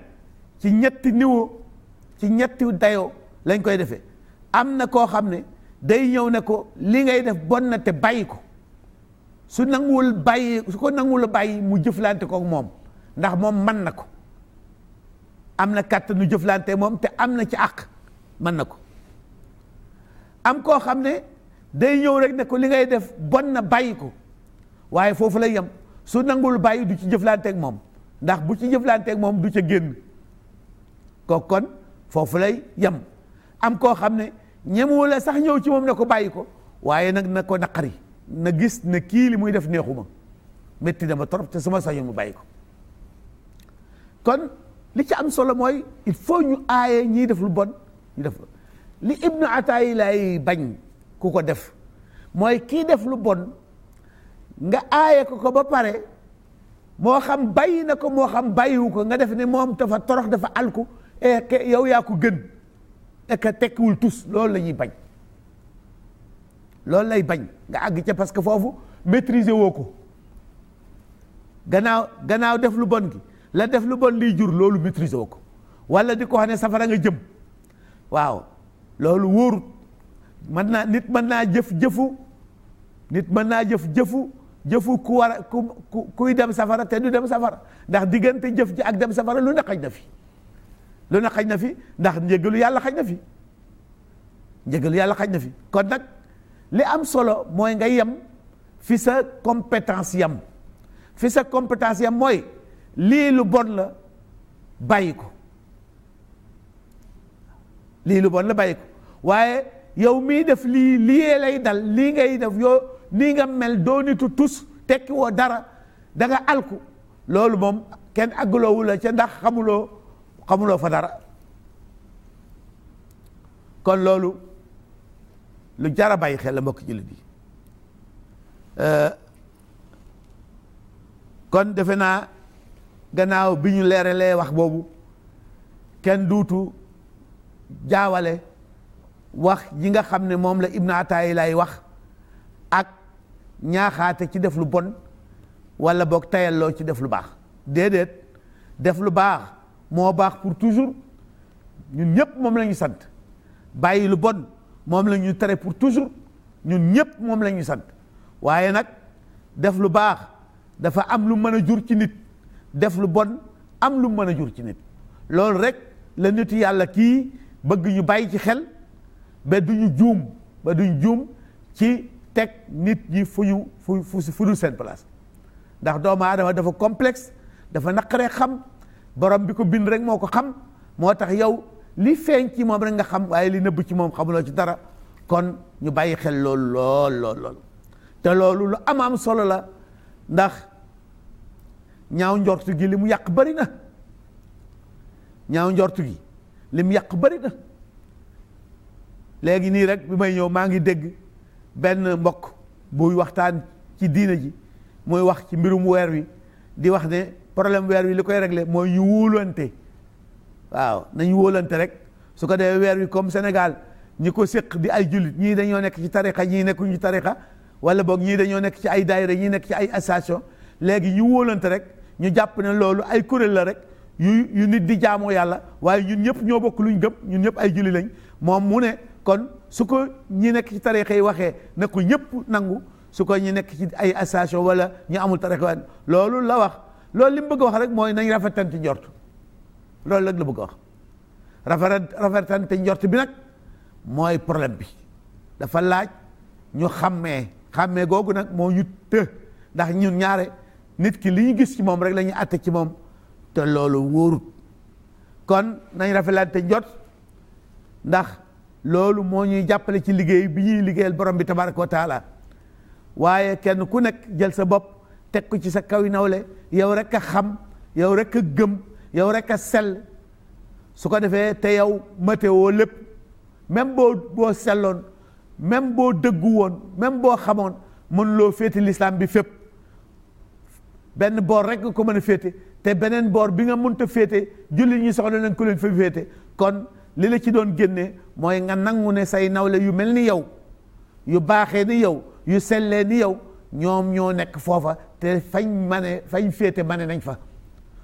ci ñetti niveau ci ñetti dayoo lañ koy defe am na koo xam ne day ñëw ne ko li ngay def bon na te bàyyi ko su nanguwul bàyyi su ko nanguwul bàyyi mu jëflante kook moom ndax moom man na ko am na kàttanu jëflante moom te am na ci àq mën na ko am koo xam ne day ñëw rek ne ko li ngay def bon na bàyyi ko waaye foofu lay yem su nangul bàyyi du ci jëflanteeg moom ndax bu ci jëflanteeg moom du ca génn ko kon foofu lay yem am koo xam ne ñemewu la sax ñëw ci moom ne ko bàyyi ko waaye nag na ko naqari na gis ne kii li muy def neexuma da ma torop te suma sañoon mu bàyyi ko kon li ci am solo mooy il faut ñu aaye ñiy def lu bon ñu li ibnu ataay lay bañ ku ko def mooy kii def lu bon nga aaye ko ko ba pare moo xam bàyyi na ko moo xam bàyyiwu ko nga def ne moom dafa torox dafa alku et que yow yaa ko gën et que tekkiwul tus loolu la ñuy bañ loolu lay bañ nga àgg ca parce que foofu maîtriser woo ko gannaaw gannaaw def lu bon gi la def lu bon liy jur loolu maîtriser wu ko wala di ko xam ne safara nga jëm waaw loolu wóorut mën naa nit mën naa jëf jëfu nit mën naa jëf jëfu jëfu ku war a ku kuy dem safara te du dem safara ndax diggante jëf ji ak dem safara lu ne xaj na fi lu ne xaj na fi ndax njëgalu yàlla xaj na fi njëgalu yàlla xaj na fi kon nag li am solo mooy nga yem fi sa compétence yam fi sa compétence yam mooy lii lu bon la bàyyi ko lii lu bon la bàyyi ko waaye yow mii def lii lii lay dal lii ngay def yoo nii nga mel doonitu tus tekki woo dara danga alku loolu moom kenn àggaloowu la ca ndax xamuloo xamuloo fa dara kon loolu lu jara bàyyi xel la mbokk jullit yi euh, kon defe naa gannaaw bi ñu leeralee wax boobu kenn duutu jaawale wax yi nga xam ne moom la Ibn Ataay lay wax ak ñaaxaate ci def lu bon wala boog loo ci def lu baax déedéet def lu baax moo baax pour toujours ñun ñëpp moom la ñu sant bàyyi lu bon moom la ñu tere pour toujours ñun ñëpp moom la sant waaye nag def lu baax dafa am lu mën a jur ci nit def lu bon am lu mën a jur ci nit loolu rek la nitu yàlla kii bëgg ñu bàyyi ci xel ba du ñu juum ba du ñu juum ci teg nit ñi fu ñu fu fu dul seen place ndax doomu aadama dafa complexe dafa naqaree xam borom bi ko bind rek moo ko xam moo tax yow li feeñ ci moom rek nga xam waaye li nëbb ci moom xamuloo ci dara kon ñu bàyyi xel loolu lool lool lool te loolu lu am am solo la ndax ñaaw njortu gi li mu yàq bari na ñaaw njortu gi li yàq bari na léegi nii rek bi may ñëw maa ngi dégg benn mbokk buy waxtaan ci diina ji muy wax ci mbirum weer wi di wax ne problème weer wi li koy regle mooy ñu wóolante waaw nañu wóolante rek su ko dee weer wi comme Sénégal ñi ko séq di ay jullit ñii dañoo nekk ci tarixa ñii nekkuñu ci tarixa wala boog ñii dañoo nekk ci ay daayira ñii nekk ci ay association léegi ñu wóolante rek ñu jàpp na loolu ay kuréel la rek yu yu nit di jaamoo yàlla waaye ñun ñëpp ñoo bokk luñ gëm ñun ñëpp ay julli lañ moom mu ne kon su ko ñi nekk ci tarixa yi waxee na ko nangu su ko ñi nekk ci ay association wala ñu amul tarixa loolu la wax loolu li mu bëgg a wax rek mooy nañ rafetante njort loolu la bëgg a wax rafet rafetante njort bi nag mooy problème bi dafa laaj ñu xàmmee xàmmee googu nag moo ñu ndax ñun ñaare nit ki li ñu gis ci moom rek lañuy ñuy ci moom te loolu wóorut kon nañ rafetlante jot ndax loolu moo ñuy jàppale ci liggéey bi ñuy liggéeyal borom bi tabaraka wa taala waaye kenn ku nekk jël sa bopp teg ko ci sa kaw yi nawle yow rek a xam yow rek a gëm yow rek a sel su ko defee te yow matéo lépp même boo boo selloon même boo dëggu woon même boo xamoon mënuloo loo féeti lislaam bi fépp benn boor rek nga ko mën a féete te beneen boor bi nga mënta féete jullit ñi soxla nañ ko leen fa féete kon li la ci doon génne mooy nga nangu ne say nawle yu mel ni yow yu baaxee ni yow yu sellee ni yow ñoom ñoo nekk foofa te fañ mane fañ féete mane nañ fa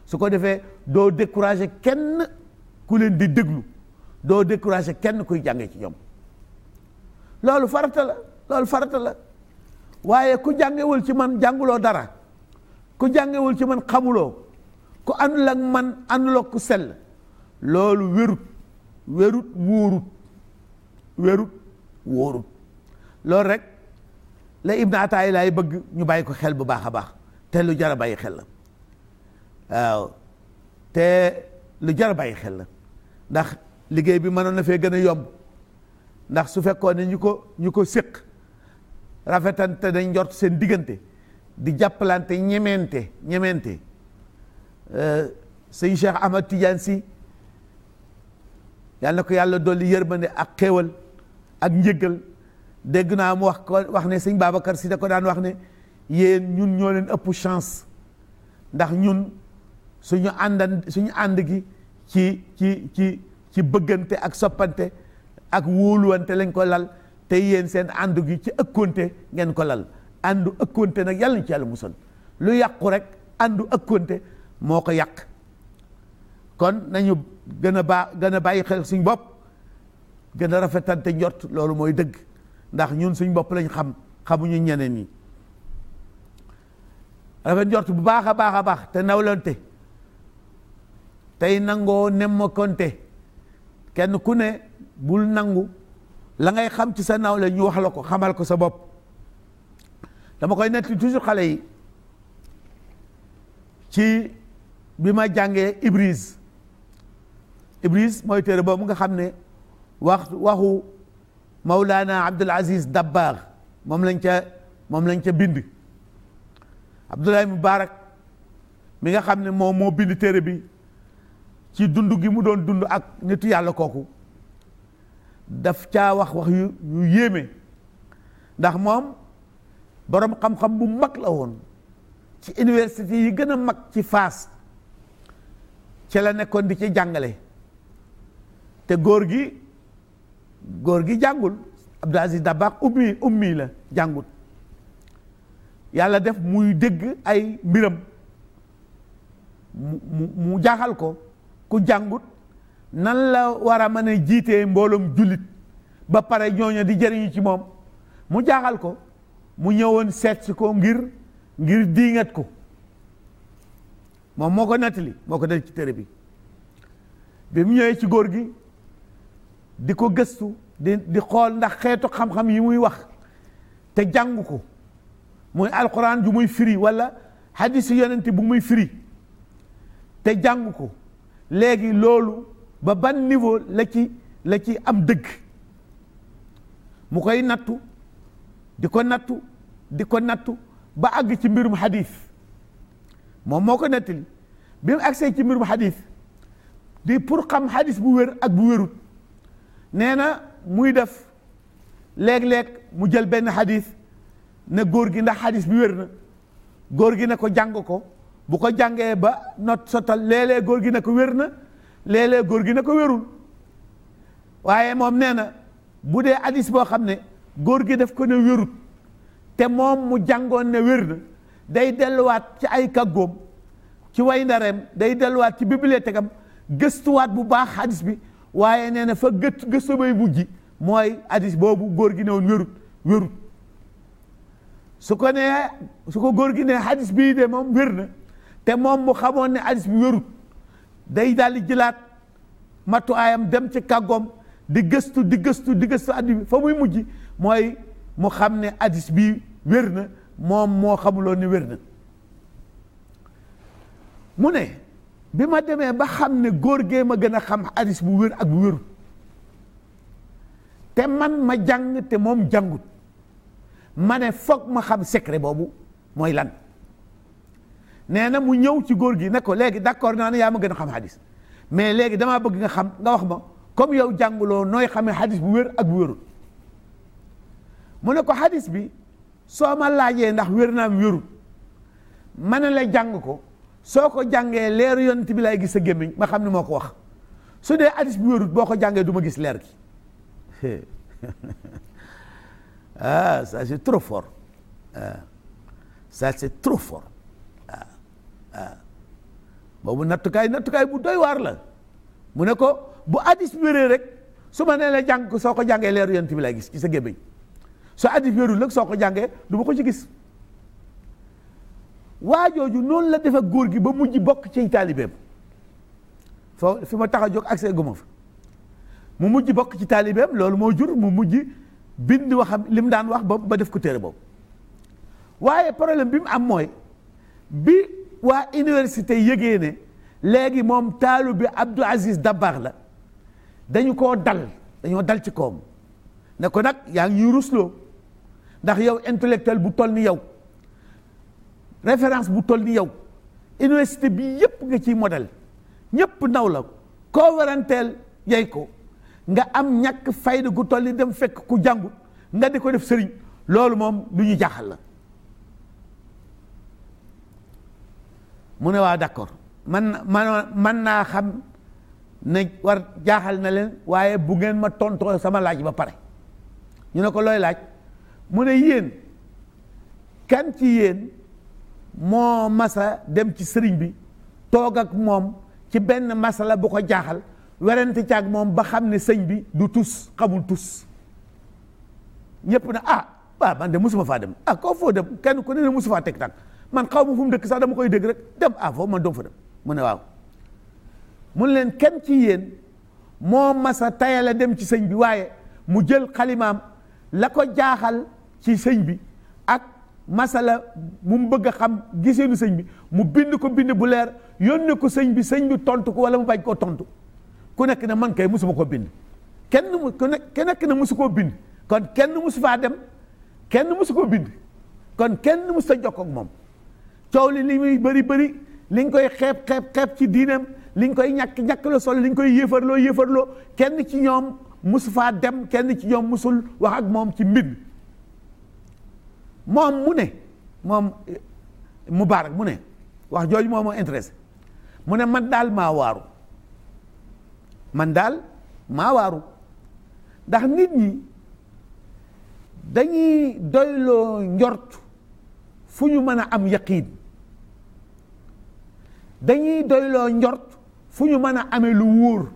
su ko defee doo découragé kenn ku leen di déglu doo découragé kenn kuy jànge ci ñoom loolu farata la loolu farata la waaye ku jàngewul ci man jànguloo dara ku jàngewul ci man xamuloo ku àndul ak man àndul ku sell loolu wérut wérut wóorut wérut wóorut loolu rek la Ibn Ataay laay bëgg ñu bàyyi ko xel bu baax a baax te lu jar a bàyyi xel la waaw te lu jar a bàyyi xel la ndax liggéey bi mënoon na fee gën a yomb ndax su fekkoon ne ñu ko ñu ko séq rafetante dañ njort seen diggante di jàppalante ñemente ñemente euh, sëñ Cheikh Ahmad Tidiane si yàlla ko yàlla dolli yërmande ak xéewal ak njëggal dégg naa mu wax ko wax ne sëñ Babacar si da ko daan wax ne yéen ñun ñoo leen ëpp chance ndax ñun suñu àndan suñu ànd gi ci ci ci ci bëggante ak soppante ak wóoluwante lañ ko lal te yéen seen ànd gi ci ëkkonte ngeen ko lal àndu ëkkonte nag yàlla ñu ci yàlla musal lu yàqu rek àndu ëkkonte moo ko yàq kon nañu gën a baa bàyyi xel suñ bopp gën rafetante njort loolu mooy dëgg ndax ñun suñ bopp lañu xam xamuñu ñeneen yi rafet njort bu baax a baax a baax te nawlante tey nangoo nemmakonte kenn ku ne bul nangu la ngay xam ci sa nawle ñu wax la ko xamal ko sa bopp dama koy nettali toujours xale yi ci bi ma jàngee Ibris Ibris mooy téere boobu nga xam ne wax waxu Maulana Abdul Aziz Dabbar moom lañ ca moom lañ ca bind Abdoulaye Moubarak mi nga xam ne moom moo bind téere bi ci dund gi mu doon dund ak nitu yàlla kooku daf caa wax wax yu yu yéeme ndax moom borom xam-xam bu mag la woon ci université yi gën a mag ci Fass ci la nekkoon di ci jàngale te góor gi góor gi jàngul Abdou Aziz Dabakh ummi ummi la jàngut yàlla def muy dégg ay mbiram mu mu jaaxal ko ku jàngut nan la war a mën a jiitee mbooloom jullit ba pare ñooñu di jëriñu ci moom mu jaaxal ko mu ñëwoon seet si ko ngir ngir diingat ko moom moo ko nettali moo ko def ci téere bi bi mu ñëwee ci góor gi di ko gëstu di di xool ndax xeetu xam-xam yi muy wax te jàng ko muy alquran ju muy firi wala hadisi yonent bu muy firi te jàng ko léegi loolu ba ban niveau la ci la ci am dëgg mu koy nattu di ko nattu di ko nattu ba àgg ci mbirum xadis moom moo ko nettali bi mu agsee ci mbirum xadis di pour xam xadis bu wér ak bu wérut nee na muy def léeg-léeg mu jël benn xadis ne góor gi ndax xadis bi wér na góor gi ne ko jàng ko bu ko jàngee ba not sottal léeg góor gi ne ko wér na léeg góor gi ne ko wérul waaye moom nee na bu dee xadis boo xam ne góor gi def ko ne wérut te moom mu jàngoon ne wér na day delluwaat ci ay kaggoom ci way ndareem day delluwaat ci bibliothèque am gëstuwaat bu baax hadis bi waaye nee na fa gët gëstu bay mooy hadis boobu góor gi ne woon wérut wérut su ko nee su ko góor gi ne hadis bii de moom wér na te moom mu xamoon ne hadis bi wérut day daal di jëlaat matuwaayam dem ci kàggoom di gëstu di gëstu di gëstu hadis bi fa muy mujj mooy mu xam ne hadis bii wér na moom moo xamuloo ne wér na mu ne bi ma demee ba xam ne góor gee ma gën a xam hadis bu wér ak bu wérut te man ma jàng te moom jàngut ma ne foog ma xam secret boobu mooy lan nee na mu ñëw ci góor gi ne ko léegi d'accord naa ne yaa ma gën a xam hadis mais léegi damaa bëgg nga xam nga wax ma comme yow jànguloo nooy xamee hadis bu wér ak bu wérut mu ne ko hadis bi soo ma laajee ndax wér naam wérut ma ne la jàng ko soo ko jàngee leeru yonent bi lay gis sa gémmiñ ma xam ne moo ko wax su dee hadis bi wérut boo ko jàngee du ma gis leer gi ah ça c'est trop fort ah, ah, ah boobu nattukaay nattukaay bu doy waar la mu ne ko bu hadis wéree rek su ma nee la jàng ko soo ko jàngee leeru yonent bi lay gis ci sa gémmiñ su adif wérul nag soo ko jàngee du ma ko ci gis waa jooju noonu la defe góor gi ba mujj bokk ci taalibeem foo fi ma tax a jóg accès guma fa mu mujj bokk ci taalibeem loolu moo jur mu mujj bind waxam li mu daan wax ba ba def ko téere boobu waaye problème bi mu am mooy bi waa université yëgee ne léegi moom taalu bi Abdou Aziz Dabakh la dañu koo dal dañoo dal ci koom ne ko nag yaa ngi ñuy rusloo ndax yow intellectuel bu toll ni yow référence bu toll ni yow université bii yëpp nga ciy model ñëpp ndaw la koo waranteel yey ko nga am ñàkk fayda gu toll ni dem fekk ku jàngu nga di ko def sëriñ loolu moom lu ñu jaaxal la mu ne waa d'accord man man man naa xam ne war jaaxal na leen waaye bu ngeen ma tontoo sama laaj ba pare ñu ne ko looy laaj mu ne yéen kan ci moo masa dem ci sëriñ bi toog ak moom ci benn la bu ko jaaxal werante ci ak moom ba xam ne sëñ bi du tus xamul tus ñëpp na ah waaw man de musuma faa dem ah koo foo dem kenn ku ne ne musu faa teg tànk man xaw ma fu mu dëkk mu dama koy dégg rek dem ah foofu man doom fa dem mu ne waaw mun leen kenn ci yéen moo masa la dem ci sëñ bi waaye mu jël xalimaam la ko jaaxal ci sëñ bi ak masala mu bëgg xam giseenu sëñ bi mu bind ko bind bu leer yónnee ko sëñ bi sëñ bi tontu ko wala mu bañ koo tontu ku nekk ne man kay musuma ko bind kenn mu ku nekk ku koo bind kon kenn musu faa dem kenn musu koo bind kon kenn musu ta jokk moom coow li li muy bëri bëri li nga koy xeeb xeeb ci diineem li nga koy ñàkk ñàkkloo solo li nga koy yéefarloo yéefarloo kenn ci ñoom musu faa dem kenn ci ñoom musul wax ak moom ci mbind moom mu ne moom eh, Moubarak mu ne wax jooju moom moo intéressé mu ne man daal maa waaru man daal maa waaru ndax nit ñi dañuy doyloo njort fu ñu mën a am yaqiin dañuy doyloo njort fu ñu mën a amee lu wóor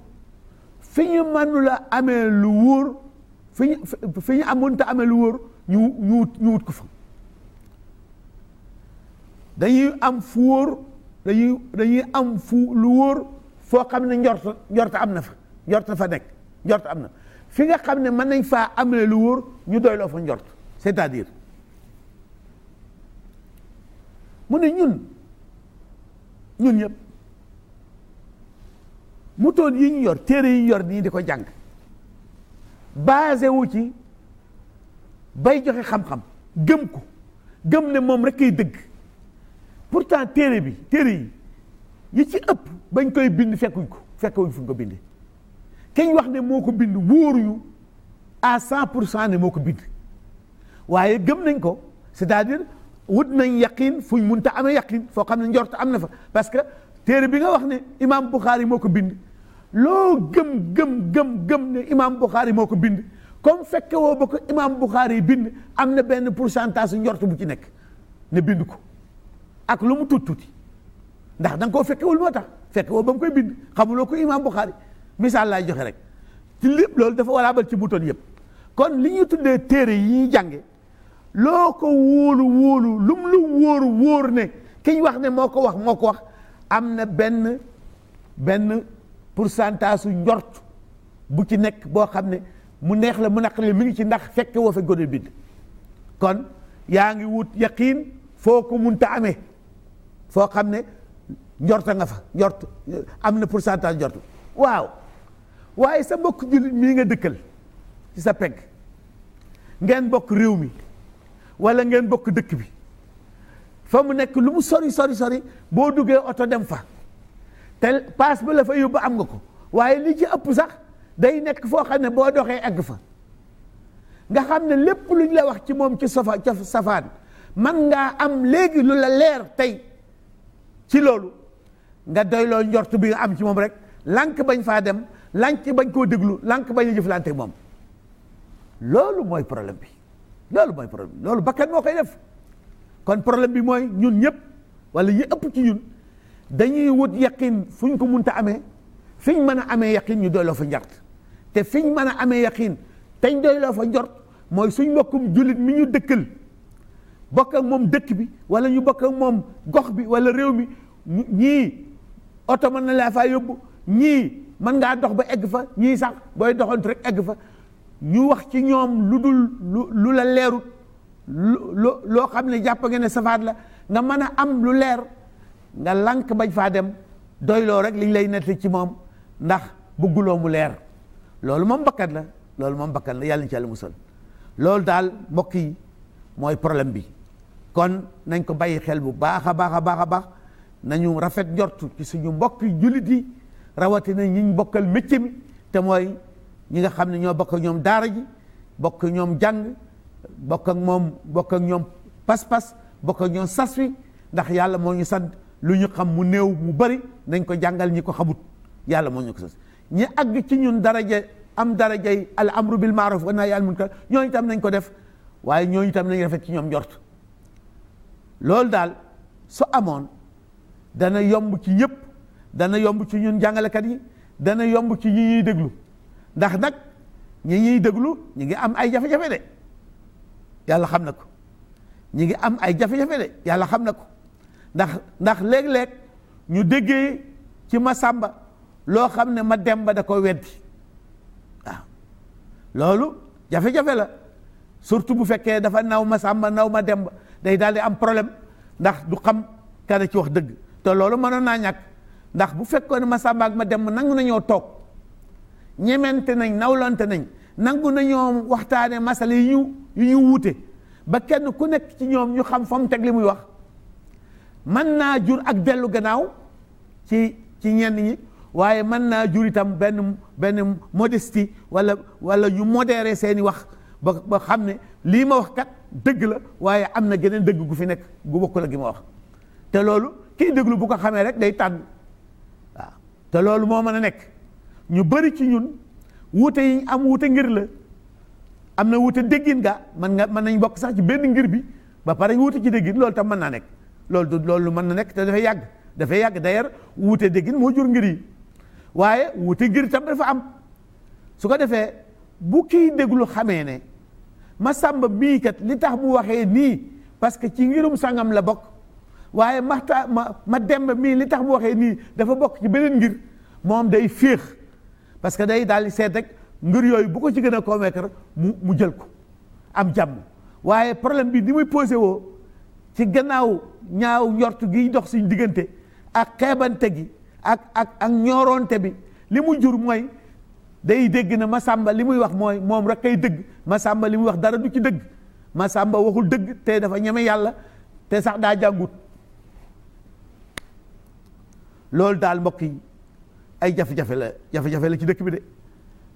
fi ñu mënula amee lu wóor fi ñu fi ñu amoon te ame lu wóor ñu ñu ñu wut ko fa dañuy am fu wóor dañuy dañuy am fu lu wóor foo xam ne njort njort am na fa njort fa nekk njort am na fi nga xam ne mën nañ fa ame lu wóor ñu doyloo fa njort c'est-à-dire mu ne ñun ñun ñëpp motoon yi ñu yor téere yi ñu yor nii di ko jàng basé wu ci bay joxe xam-xam gëm ko gëm ne moom rek kay dëgg pourtant téere bi téere yi yi ci ëpp bañ koy bind fekkuñ ko fekkuñ fu ñu ko bindee kañ wax ne moo ko bind wóoruñu à cent pour cent moo ko bind waaye gëm nañ ko c'est-à-dire wut nañ yaqin fuñ munta amee yaqin foo xam ne njort am na fa parce que téere bi nga wax ne imaam Bukhari moo ko bind loo gëm gëm gëm gëm ne imam Bukhari moo ko bind comme fekke woo ba ko imam Bukhari bind am na benn pourcentage njort bu ci nekk ne bind ko ak lu mu tuut tuuti ndax da nga koo fekkewul moo tax fekke woo ba mu koy bind xamuloo ko imam Bukhari misaal laay joxe rek ci lépp loolu dafa walaabal ci bouton yëpp kon li ñuy tuddee téere yi ñuy jànge loo ko wóolu wóolu lum lu wóor ne ki ñu wax ne moo ko wax moo ko wax am na benn benn pour su njort bu ci nekk boo xam ne mu neex la mu naqari mi ngi ci ndax fekke woo fa gone bind kon yaa ngi wut yaqiin foo ko munta ame foo xam ne njorta nga fa njort am na pourcentage njort waaw waaye sa mbokk jullit mii nga dëkkal ci sa pegg ngeen bokk réew mi wala ngeen bokk dëkk bi fa mu nekk lu mu sori sori sori boo duggee oto dem fa te paas ba la fa yóbbu am nga ko waaye lii ci ëpp sax day nekk foo xam ne boo doxee egg fa nga xam ne lépp lu ñu la wax ci moom ci safa ca safaan man ngaa am léegi lu la leer tey ci loolu nga doyloo njort bi am ci moom rek lànk bañ faa dem lànk bañ koo déglu lànk bañ a jëflante moom loolu mooy problème bi loolu mooy problème bi loolu bakkan moo koy def kon problème bi mooy ñun ñëpp wala yi ëpp ci ñun dañuy wut yaqin fu ñu ko munta amee fiñ mën a amee yaqin ñu doyloo fa njort te fiñ mën a ame yaqin tañ doyloo fa njort mooy suñ mbokkum jullit mi ñu dëkkal bokk moom dëkk bi wala ñu bokk moom gox bi wala réew mi ñii oto mën na laa faa yóbbu ñii mën ngaa dox ba egg fa ñii sax booy doxantu rek egg fa ñu wax ci ñoom lu dul lu la leerut lu loo xam ne jàpp nga ne safaat la nga mën a am lu leer nga lank bañ faa dem doyloo rek liñ lay nett ci moom ndax bugguloo mu leer loolu moom bakkat la loolu moom bakkat la yàlla na ci yàlla musal loolu daal mbokk yi mooy problème bi kon nañ ko bàyyi xel bu baax a baax a baax a baax nañu rafet njortu ci suñu mbokk jullit yi rawatina ñiñ bokkal métier mi te mooy ñi nga xam ne ñoo bokk ñoom daara ji bokk ñoom jàng bokk moom bokk ak ñoom pas-pas bokk ak ñoom sas wi ndax yàlla moo ñu sant lu ñu xam mu néew mu bari nañ ko jàngal ñi ko xamut yàlla moo ñu ko ñi àgg ci ñun daraja am darajay al amru bil maaruf wa yàlla mun munkar ñooñu tam nañ ko def waaye ñooñu tam nañ rafet ci ñoom jort loolu daal su amoon dana yomb ci ñëpp dana yomb ci ñun jàngale kat yi dana yomb ci ñi ñuy déglu ndax nag ñi ñuy déglu ñi ngi am ay jafe-jafe de yàlla xam na ko ñi ngi am ay jafe-jafe de yàlla xam na ko ndax ndax léeg-léeg ñu déggee ci ma sàmba loo xam ne ma demba da ko weddi waaw loolu jafe-jafe la surtout bu fekkee dafa naw ma sàmba naw ma demba day daal di am problème ndax du xam kana ci wax dëgg te loolu mënoon naa ñàkk ndax bu fekkoon ne ma sàmba ak ma demba nangu nañoo toog ñemente nañ nawlante nañ nangu nañoo waxtaane masala yi ñu yu ñu wuute ba kenn ku nekk ci ñoom ñu xam fa mu teg li muy wax mën naa jur ak dellu gannaaw ci ci ñenn ñi waaye mën naa jur itam benn benn modestie wala wala ñu modéré seeni wax ba ba xam ne lii ma wax kat dëgg la waaye am na geneen dëgg gu fi nekk gu bokk la gi ma wax te loolu kii déglu bu ko xamee rek day tànn waaw te loolu moo mën a nekk ñu bari ci ñun wuute yi am wuute ngir la am na wuute déggin ga man nga mën nañ bokk sax ci benn ngir bi ba pare wuute ci déggin loolu tam mën naa nekk loolu du loolu mën na nekk te dafay yàgg dafay yàgg d'ailleurs wuute déggin moo jur ngir yi waaye wuute ngir tam dafa am su ko defee bu kii déglu xamee ne Masamba mii kat li tax mu waxee nii parce que ci ngirum sangam la bokk waaye maxta ma ma demb mii li tax mu waxee nii dafa bokk ci beneen ngir moom day féex parce que day daal di seet rek ngir yooyu bu ko ci gën a convaincre mu mu jël ko am jàmm waaye problème bi ni muy posé woo. ci gannaaw ñaaw njort gi dox suñ diggante ak xeebante gi ak ak ñooronte bi li mu jur mooy day dégg na ma sàmba li muy wax mooy moom rek ay dëgg ma sàmba li muy wax dara du ci dëgg ma sàmba waxul dëgg te dafa ñeme yàlla te sax daa jàngut loolu daal mbokk yi ay jafe-jafe la jafe-jafe la ci dëkk bi de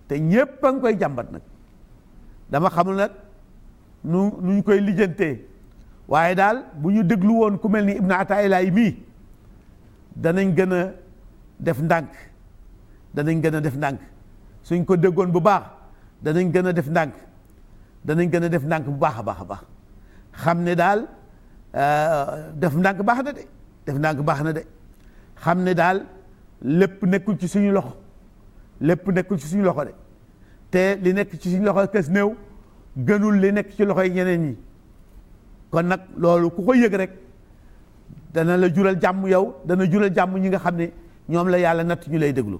te ñépp a ngi koy jàmbat nag dama xamul nag nu nu ñu koy lijjantee waaye daal bu ñu déglu woon ku mel ni Ibn Ataa'ilaay mii danañ gën a def ndànk danañ gën a def ndànk suñ ko déggoon bu baax danañ gën a def ndànk danañ gën a def ndànk bu baax a baax a baax xam ne daal euh, def ndànk baax na de def ndànk baax na de xam ne daal lépp nekkul ci suñu loxo lépp nekkul ci suñu loxo de te li nekk ci suñu loxo kës néew gënul li nekk ci loxo yi ñeneen ñi kon nag loolu ku ko yëg rek dana la jural jàmm yow dana jural jàmm ñi nga xam ne ñoom la yàlla natt ñu lay déglu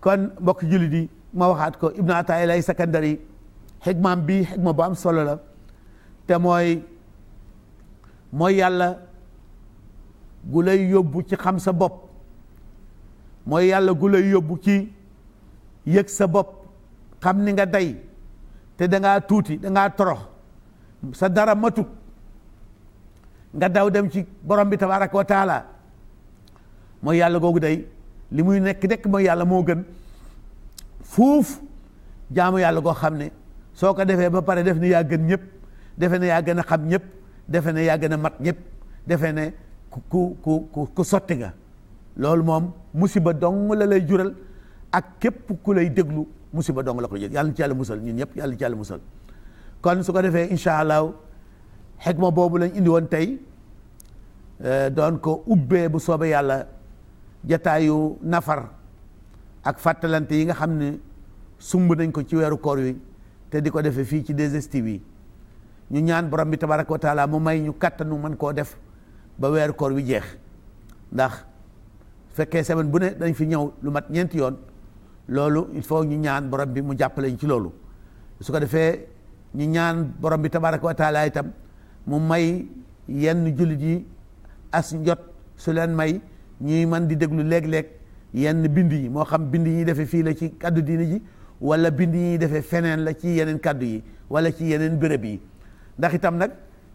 kon mbokk jullit yi ma waxaat ko ibnu ataay lay sakandari maam bi xigma bu am solo la te mooy mooy yàlla gu lay yóbbu ci xam sa bopp mooy yàlla gu lay yóbbu ci yëg sa bopp xam ni nga day te dangaa tuuti dangaa torox sa dara matut nga daw dem ci borom bi tabaraka wa taala mooy yàlla googu day li muy nekk nekk mooy yàlla moo gën fuuf jaamu yàlla goo xam ne soo ko defee ba pare def ne yaa gën ñëpp defe ne yaa gën a xam ñëpp defe na yaa gën a mat ñëpp defe ne ku ku ku ku sotti nga loolu moom musiba dong la lay jural ak képp ku lay déglu musiba dong la ko jël yàlla ci yàlla musal ñun ñëpp yàlla ci yàlla musal kon su ko defee incha allah ma boobu lañ indi woon tey eh, doon ko ubbee bu soobee yàlla jataayu nafar ak fàttalante yi nga xam ne sumb nañ ko ci weeru koor wi te di ko defee fii ci 2STV yi ñu ñaan borom bi tabaraka wa taala mu may ñu kattanu mën koo def ba weeru koor wi jeex ndax fekkee semaine bu ne dañ fi ñëw lu mat ñeenti yoon loolu il faut ñu ñaan borom bi mu jàppale ñu ci loolu su ko defee ñu ñaan borom bi tabaraka wa taala itam mu may yenn jullit yi as njot su leen may ñuy man di déglu léeg-léeg yenn bind yi moo xam bind yi ñuy defee fii la ci kaddu diini ji wala bind ñuy defee feneen la ci yeneen kaddu yi wala ci yeneen béréb yi ndax itam nag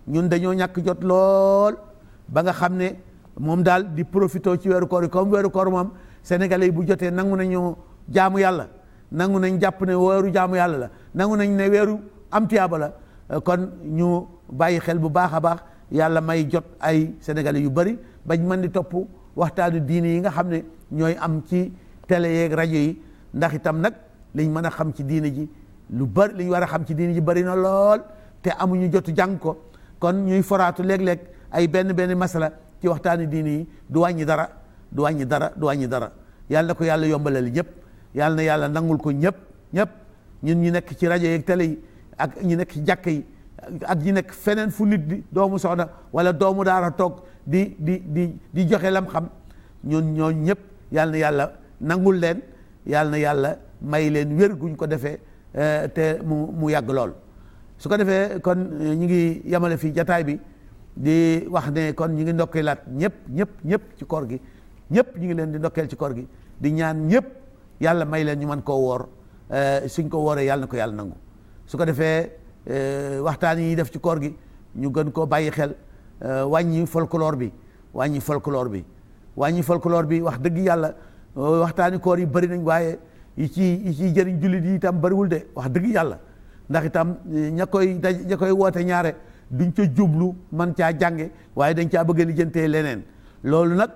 ñun dañoo ñàkk jot lool ba nga xam ne moom daal di profité ci weeru koor yi comme weeru koor moom sénégalais bu jotee nangu nañu jaamu yàlla nangu nañ jàpp ne weeru jaamu yàlla la nangu nañ ne am tiyaaba kon ñu bàyyi xel bu baax a baax yàlla may jot ay sénégalais yu bëri bañ mën di topp waxtaanu diine yi nga xam ne ñooy am ci tele yeeg rajo yi ndax itam nag liñ mën a xam ci diine ji lu bëri liñ war a xam ci diine ji bari na lool te amuñu jotu jàng ko kon ñuy foraatu léeg-léeg ay benn benn masala ci waxtaanu diine yi du wàññi dara du wàññi dara du wàññi dara yàlla ko yàlla yombalal ñëpp yàlla na yàlla nangul ko ñëpp ñëpp ñun ñu nekk ci rajo yeeg télé yi ak ñi nekk ci jàkk yi ak ñi nekk feneen fu nit di doomu soxna wala doomu daara toog di di di di joxe lam xam ñun ñoo ñëpp yàlla na yàlla nangul leen yàlla na yàlla may leen wér guñ ko defee eh, te mu mu yàgg lool su ko defee kon eh, ñu ngi yemale fii jataay bi di wax ne kon ñu ngi ndokkeelaat ñëpp ñëpp ñëpp ci koor gi ñëpp ñu ngi leen di ndokkeel ci koor gi di ñaan ñëpp yàlla may leen ñu mën koo woor eh, suñ ko wooree yàlla ko yàlla nangu su ko defee euh, waxtaan yi def ci koor gi ñu gën koo bàyyi xel euh, wàññi folklore bi wàññi folklore bi wàññi folklore bi wax dëgg yàlla euh, waxtaani koor yi bari nañ waaye yi ci yi ciy jëriñ jullit yi itam bariwul de wax dëgg yàlla ndax itam ña koy daj ña koy woote ñaare duñ ci jublu man caa jànge waaye dañ caa bëgg lijjantee leneen loolu nag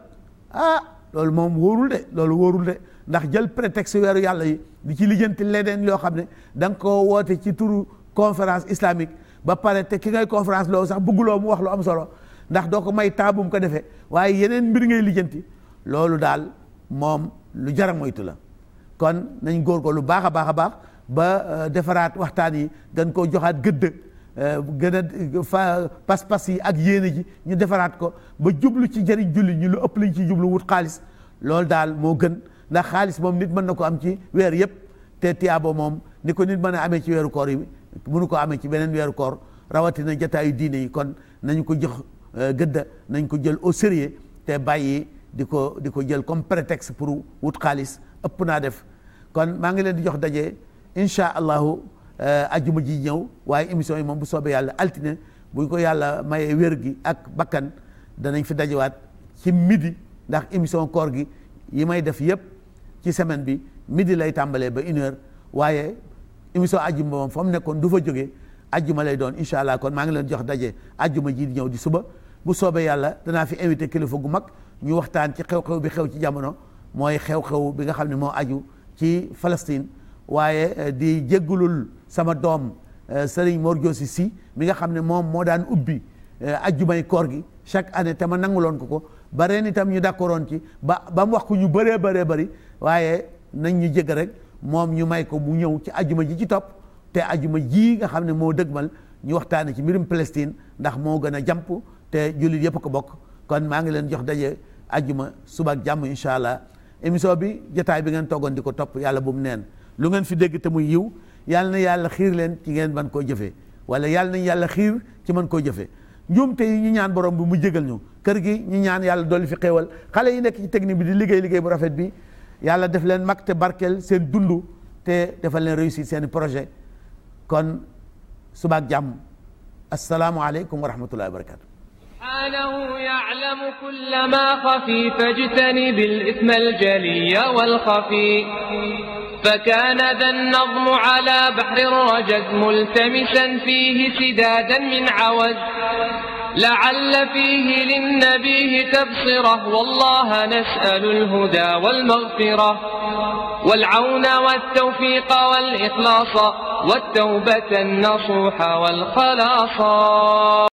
ah loolu moom wóorul de loolu wóorul de ndax jël prétexte weeru yàlla di ci lijjanti leneen loo xam ne danga koo woote ci turu conférence islamique ba pare te ki ngay conférence loolu sax bëgguloo mu wax lu am solo ndax doo ko may taabum ko defee waaye yeneen mbir ngay lijjanti loolu daal moom lu jar a moytu la kon nañ góor ko lu baax a baax a baax ba euh, defaraat waxtaan yi gën koo joxaat gëdd euh, gën a euh, fa pas-pas yi ak yéene ji ñu defaraat ko ba jublu ci jëriñ julli ñu lu ëpp lañ ci jublu wut xaalis loolu daal moo gën ndax xaalis moom nit mën na ko am ci weer yëpp te tiyaabo moom ni ko nit mën a amee ci weeru koor yi mënu ko amee ci beneen weeru koor rawatina jataayu diine yi kon nañ ko jox euh, gëdda nañ ko jël au sérieux te bàyyi di ko di ko jël comme prétexte pour wut xaalis ëpp naa def kon maa ngi leen di jox daje incha allahu euh, ajuma ji ñëw waaye émission yi moom bu soobee yàlla altine bu ko yàlla mayee wér gi ak bakkan danañ fi dajewaat ci midi ndax émission koor gi yi may def yëpp ci semaine bi midi lay tàmbalee ba une waaye émission ajjuma moom fa mu nekkoon du fa jóge ajjuma lay doon incha allah kon maa ngi leen jox daje ajjuma ji di ñëw di suba bu soobee yàlla danaa fi invité kilifa gu mag ñu waxtaan ci xew-xew bi xew ci jamono mooy xew-xew bi nga xam ne moo aju ci Palestine waaye eh, di jéggulul sama doom eh, Serigne Mor Diosi si mi nga xam ne moom moo daan ubbi eh, ajjumay koor gi chaque année te ma nangu loon ko ko ba ren itam ñu d'accordoon ci ba ba mu wax ku ñu bëree bëree bari waaye nañ ñu jëgg rek moom ñu may ko mu ñëw ci ajuma ji ci topp te ajuma ji nga xam ne moo dëgmal ñu waxtaane ci mbirum Palestine ndax moo gën a jàmp te jullit yëpp ko bokk kon maa ngi leen jox daje ajuma suba ak jàmm incha allah émission bi jotaay bi ngeen toogoon di ko topp yàlla bu mu neen lu ngeen fi dégg te muy yiw yàlla na yàlla xiir leen ci ngeen mën koo jëfee wala yàlla nañ yàlla xiir ci mën koo jëfee njuumte yi ñu ñaan borom bi mu jégal ñu kër gi ñu ñaan yàlla dolli fi xéewal xale yi nekk ci technique bi di liggéey liggéey bu rafet bi yàlla def leen mag te barkeel seen dund te defal leen réussir seen projet kon subaak jàmm asalaamualeykum wa rahmatullahi wa barakatu سبحانه يعلم كل ما خفي فاجتنب الإثم الجلي والخفي فكان ذا النظم على بحر الرجز ملتمسا فيه سدادا من عوز لعل فيه للنبي تبصرة والله نسأل الهدى والمغفرة والعون والتوفيق والإخلاص والتوبة النصوح والخلاص